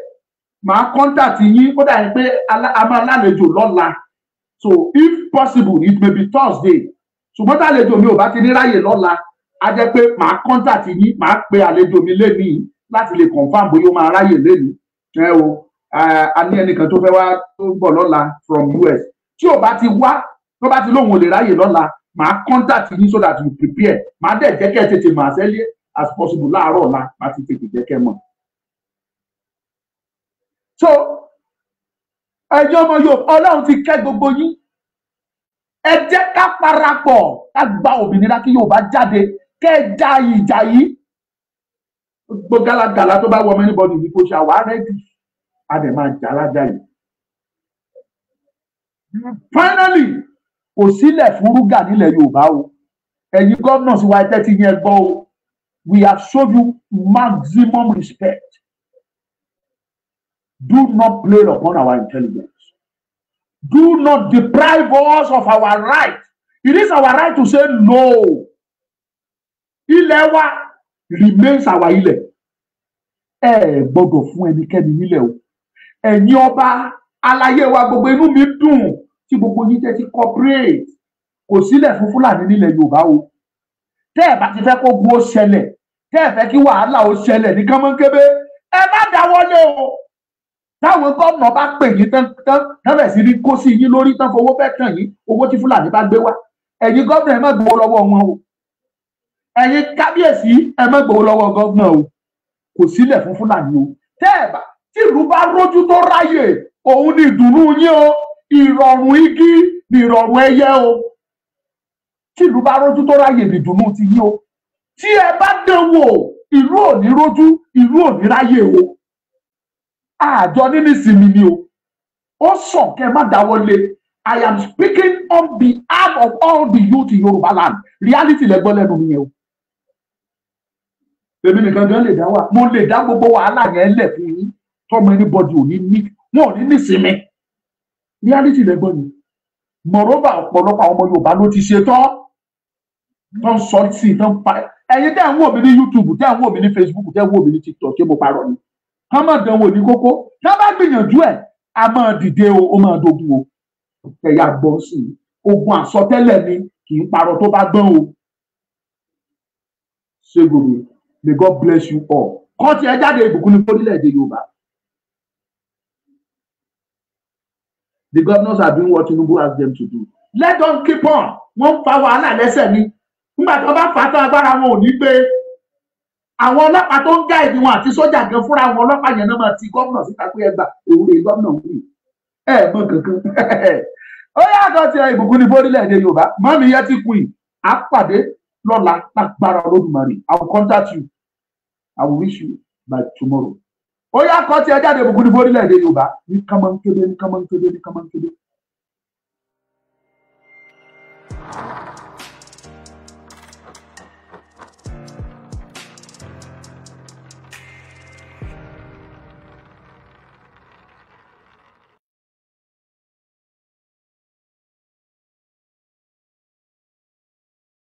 màá contact yín ó dà yín pé a máa lálejò lọ́la so if possible it may be Thursday ṣùgbọ́n tá àlejò mi ò bá ti ní ráyè lọ́la á jẹ́ pé màá contact yín màá pe àlejò mi lénìí láti lè confam bóyá ó máa ráyè lénìí ẹ o a ní ẹnìkan tó fẹ́ wá tó ń bọ̀ lọ́la from US tí ò bá ti wá tó bá ti lóun ò lè ráyè lọ́la màá contact yín so that you prepare màá dẹ̀ jẹ́ kẹ́ ẹ tètè mọ̀ as early as possible láàárọ̀ ọ̀la màá ti tètè jẹ́ kẹ́ ẹ mọ̀. so ẹ̀yin ọmọ Yorùbá Ọlọ́run ti kẹ́ gbogbo yín ẹ jẹ́ ká parapọ̀ ká gba òmìnira kí Yorùbá jáde kẹ́ ẹ ja ìjà yìí gbogbo gálagàlà tó bá wọ ọmọ anybody ní kò ṣe àwa rẹ́dì a dẹ̀ máa jà lájà yìí. finally kò sílẹ̀ fún nílẹ̀ yorùbá o ẹ̀yin gómìnà sí wa tẹ́tí yẹn gbọ́ o we have shown you maximum respect do not play upon our intelligence do not deprive us of our right it is our right to say no ilẹ̀ wa remains our ilẹ̀ ẹ gbọ́dọ̀ fún ẹnikẹ́ni nílẹ̀ o ẹ̀yin ọba aláyé wa gbogbo inú mi dùn tí gbogbo yín tẹ́ ti cooperate kò sílẹ̀ fún fúlàní nílẹ̀ yorùbá o tẹ́ ẹ̀ bá ti fẹ́ kó gbó ṣẹlẹ̀ tẹ́ ẹ̀ fẹ́ kí wàhálà ó ṣẹlẹ̀ ní kánmọ́nkébé ẹ má dáwọ́lé o táwọn gómìnà bá pè yín tán tán bẹ̀ sí ní kó sí yín lórí tán fowó fẹ́ tàn yín owó tí fúlàní bá gbé wá ẹ̀yin gómìnà ẹ má gbowó lọ́wọ́ wọn o ẹ̀yin kábíyèsí ẹ má gbowó lọ́wọ́ gómìnà o kò sílẹ̀ fún fúlàní o tẹ́ ẹ̀ bá tìlú bá rójú tó ráyè òun ni ìdùnnú yín o ìrọ̀rùn igi nìrọ̀rùn ẹyẹ o tìlú bá rójú tó ráyè nìdùnnú ti yí o tí ẹ bá dánwò ìlú ò ní rójú ìlú ò ní ráyè o àjọ níní sinmi ni o ó sàn kẹ má dáwọ́lé I am speaking on behalf of all the youth in Yorùbá land reality lẹ́gbọ́n lẹ́nu mi yẹn o èmi nìkan gan lè dá wà mo lè dá gbogbo wàhálà yẹn lẹ̀ fún yín tọmọ anybody ò ní ní wọn ò ní ní sinmi reality lẹ́gbọ́n ni mọ̀rọ́bà ọ̀pọ̀lọpọ̀ àwọn ọmọ Yorùbá ló ti ṣe tán tán sọ sí tán pa ẹ̀yin tẹ́ ń wò mí ní YouTube tẹ́ ń wò mí ní Facebook tẹ́ ń wò mí ní TikTok tí mo parọ́ ni kán má dánwò ní kókó tá bá gbìyànjú ẹ̀ a máa dìde o ó máa dogun o ẹ̀yà gbọ́ sí i ogun àsọtẹ́lẹ̀ ni kì í parọ́ tó bá gbọ́n o ṣé gbogbo may God bless you all kọ́ ti ẹ jáde ìbùkún ní orílẹ̀-èdè Yorùbá The governors have been what Tinubu asked them to do. Let them keep on. Wọ́n fa wàhálà lẹ́sẹ̀ ni. Nígbà tí wọ́n bá fà á tán agbára wọn ò ní gbé. Àwọn ọlọ́pàá tó ń gá ìdí wọn àti sójà gan fúnra àwọn ọlọ́pàá yẹn náà máa ti gómìnà síta pé ẹgbà òun lè gómìnà wù. Ẹ mọ kankan. Ó yàtọ̀ ti ìbùkún ní bórílẹ̀-èdè Yorùbá. Mọ́mí yẹn ti kùn yìí. À pàdé lọ́la lágbára Olódùmarè. I will contact you. I will wish you by tomorrow ó yá kọ́ tiẹ̀ jáde gbogbo ní orílẹ̀-èdè Yorùbá ní kánmọ́nkébé ní kánmọ́nkébé ní kánmọ́nkébé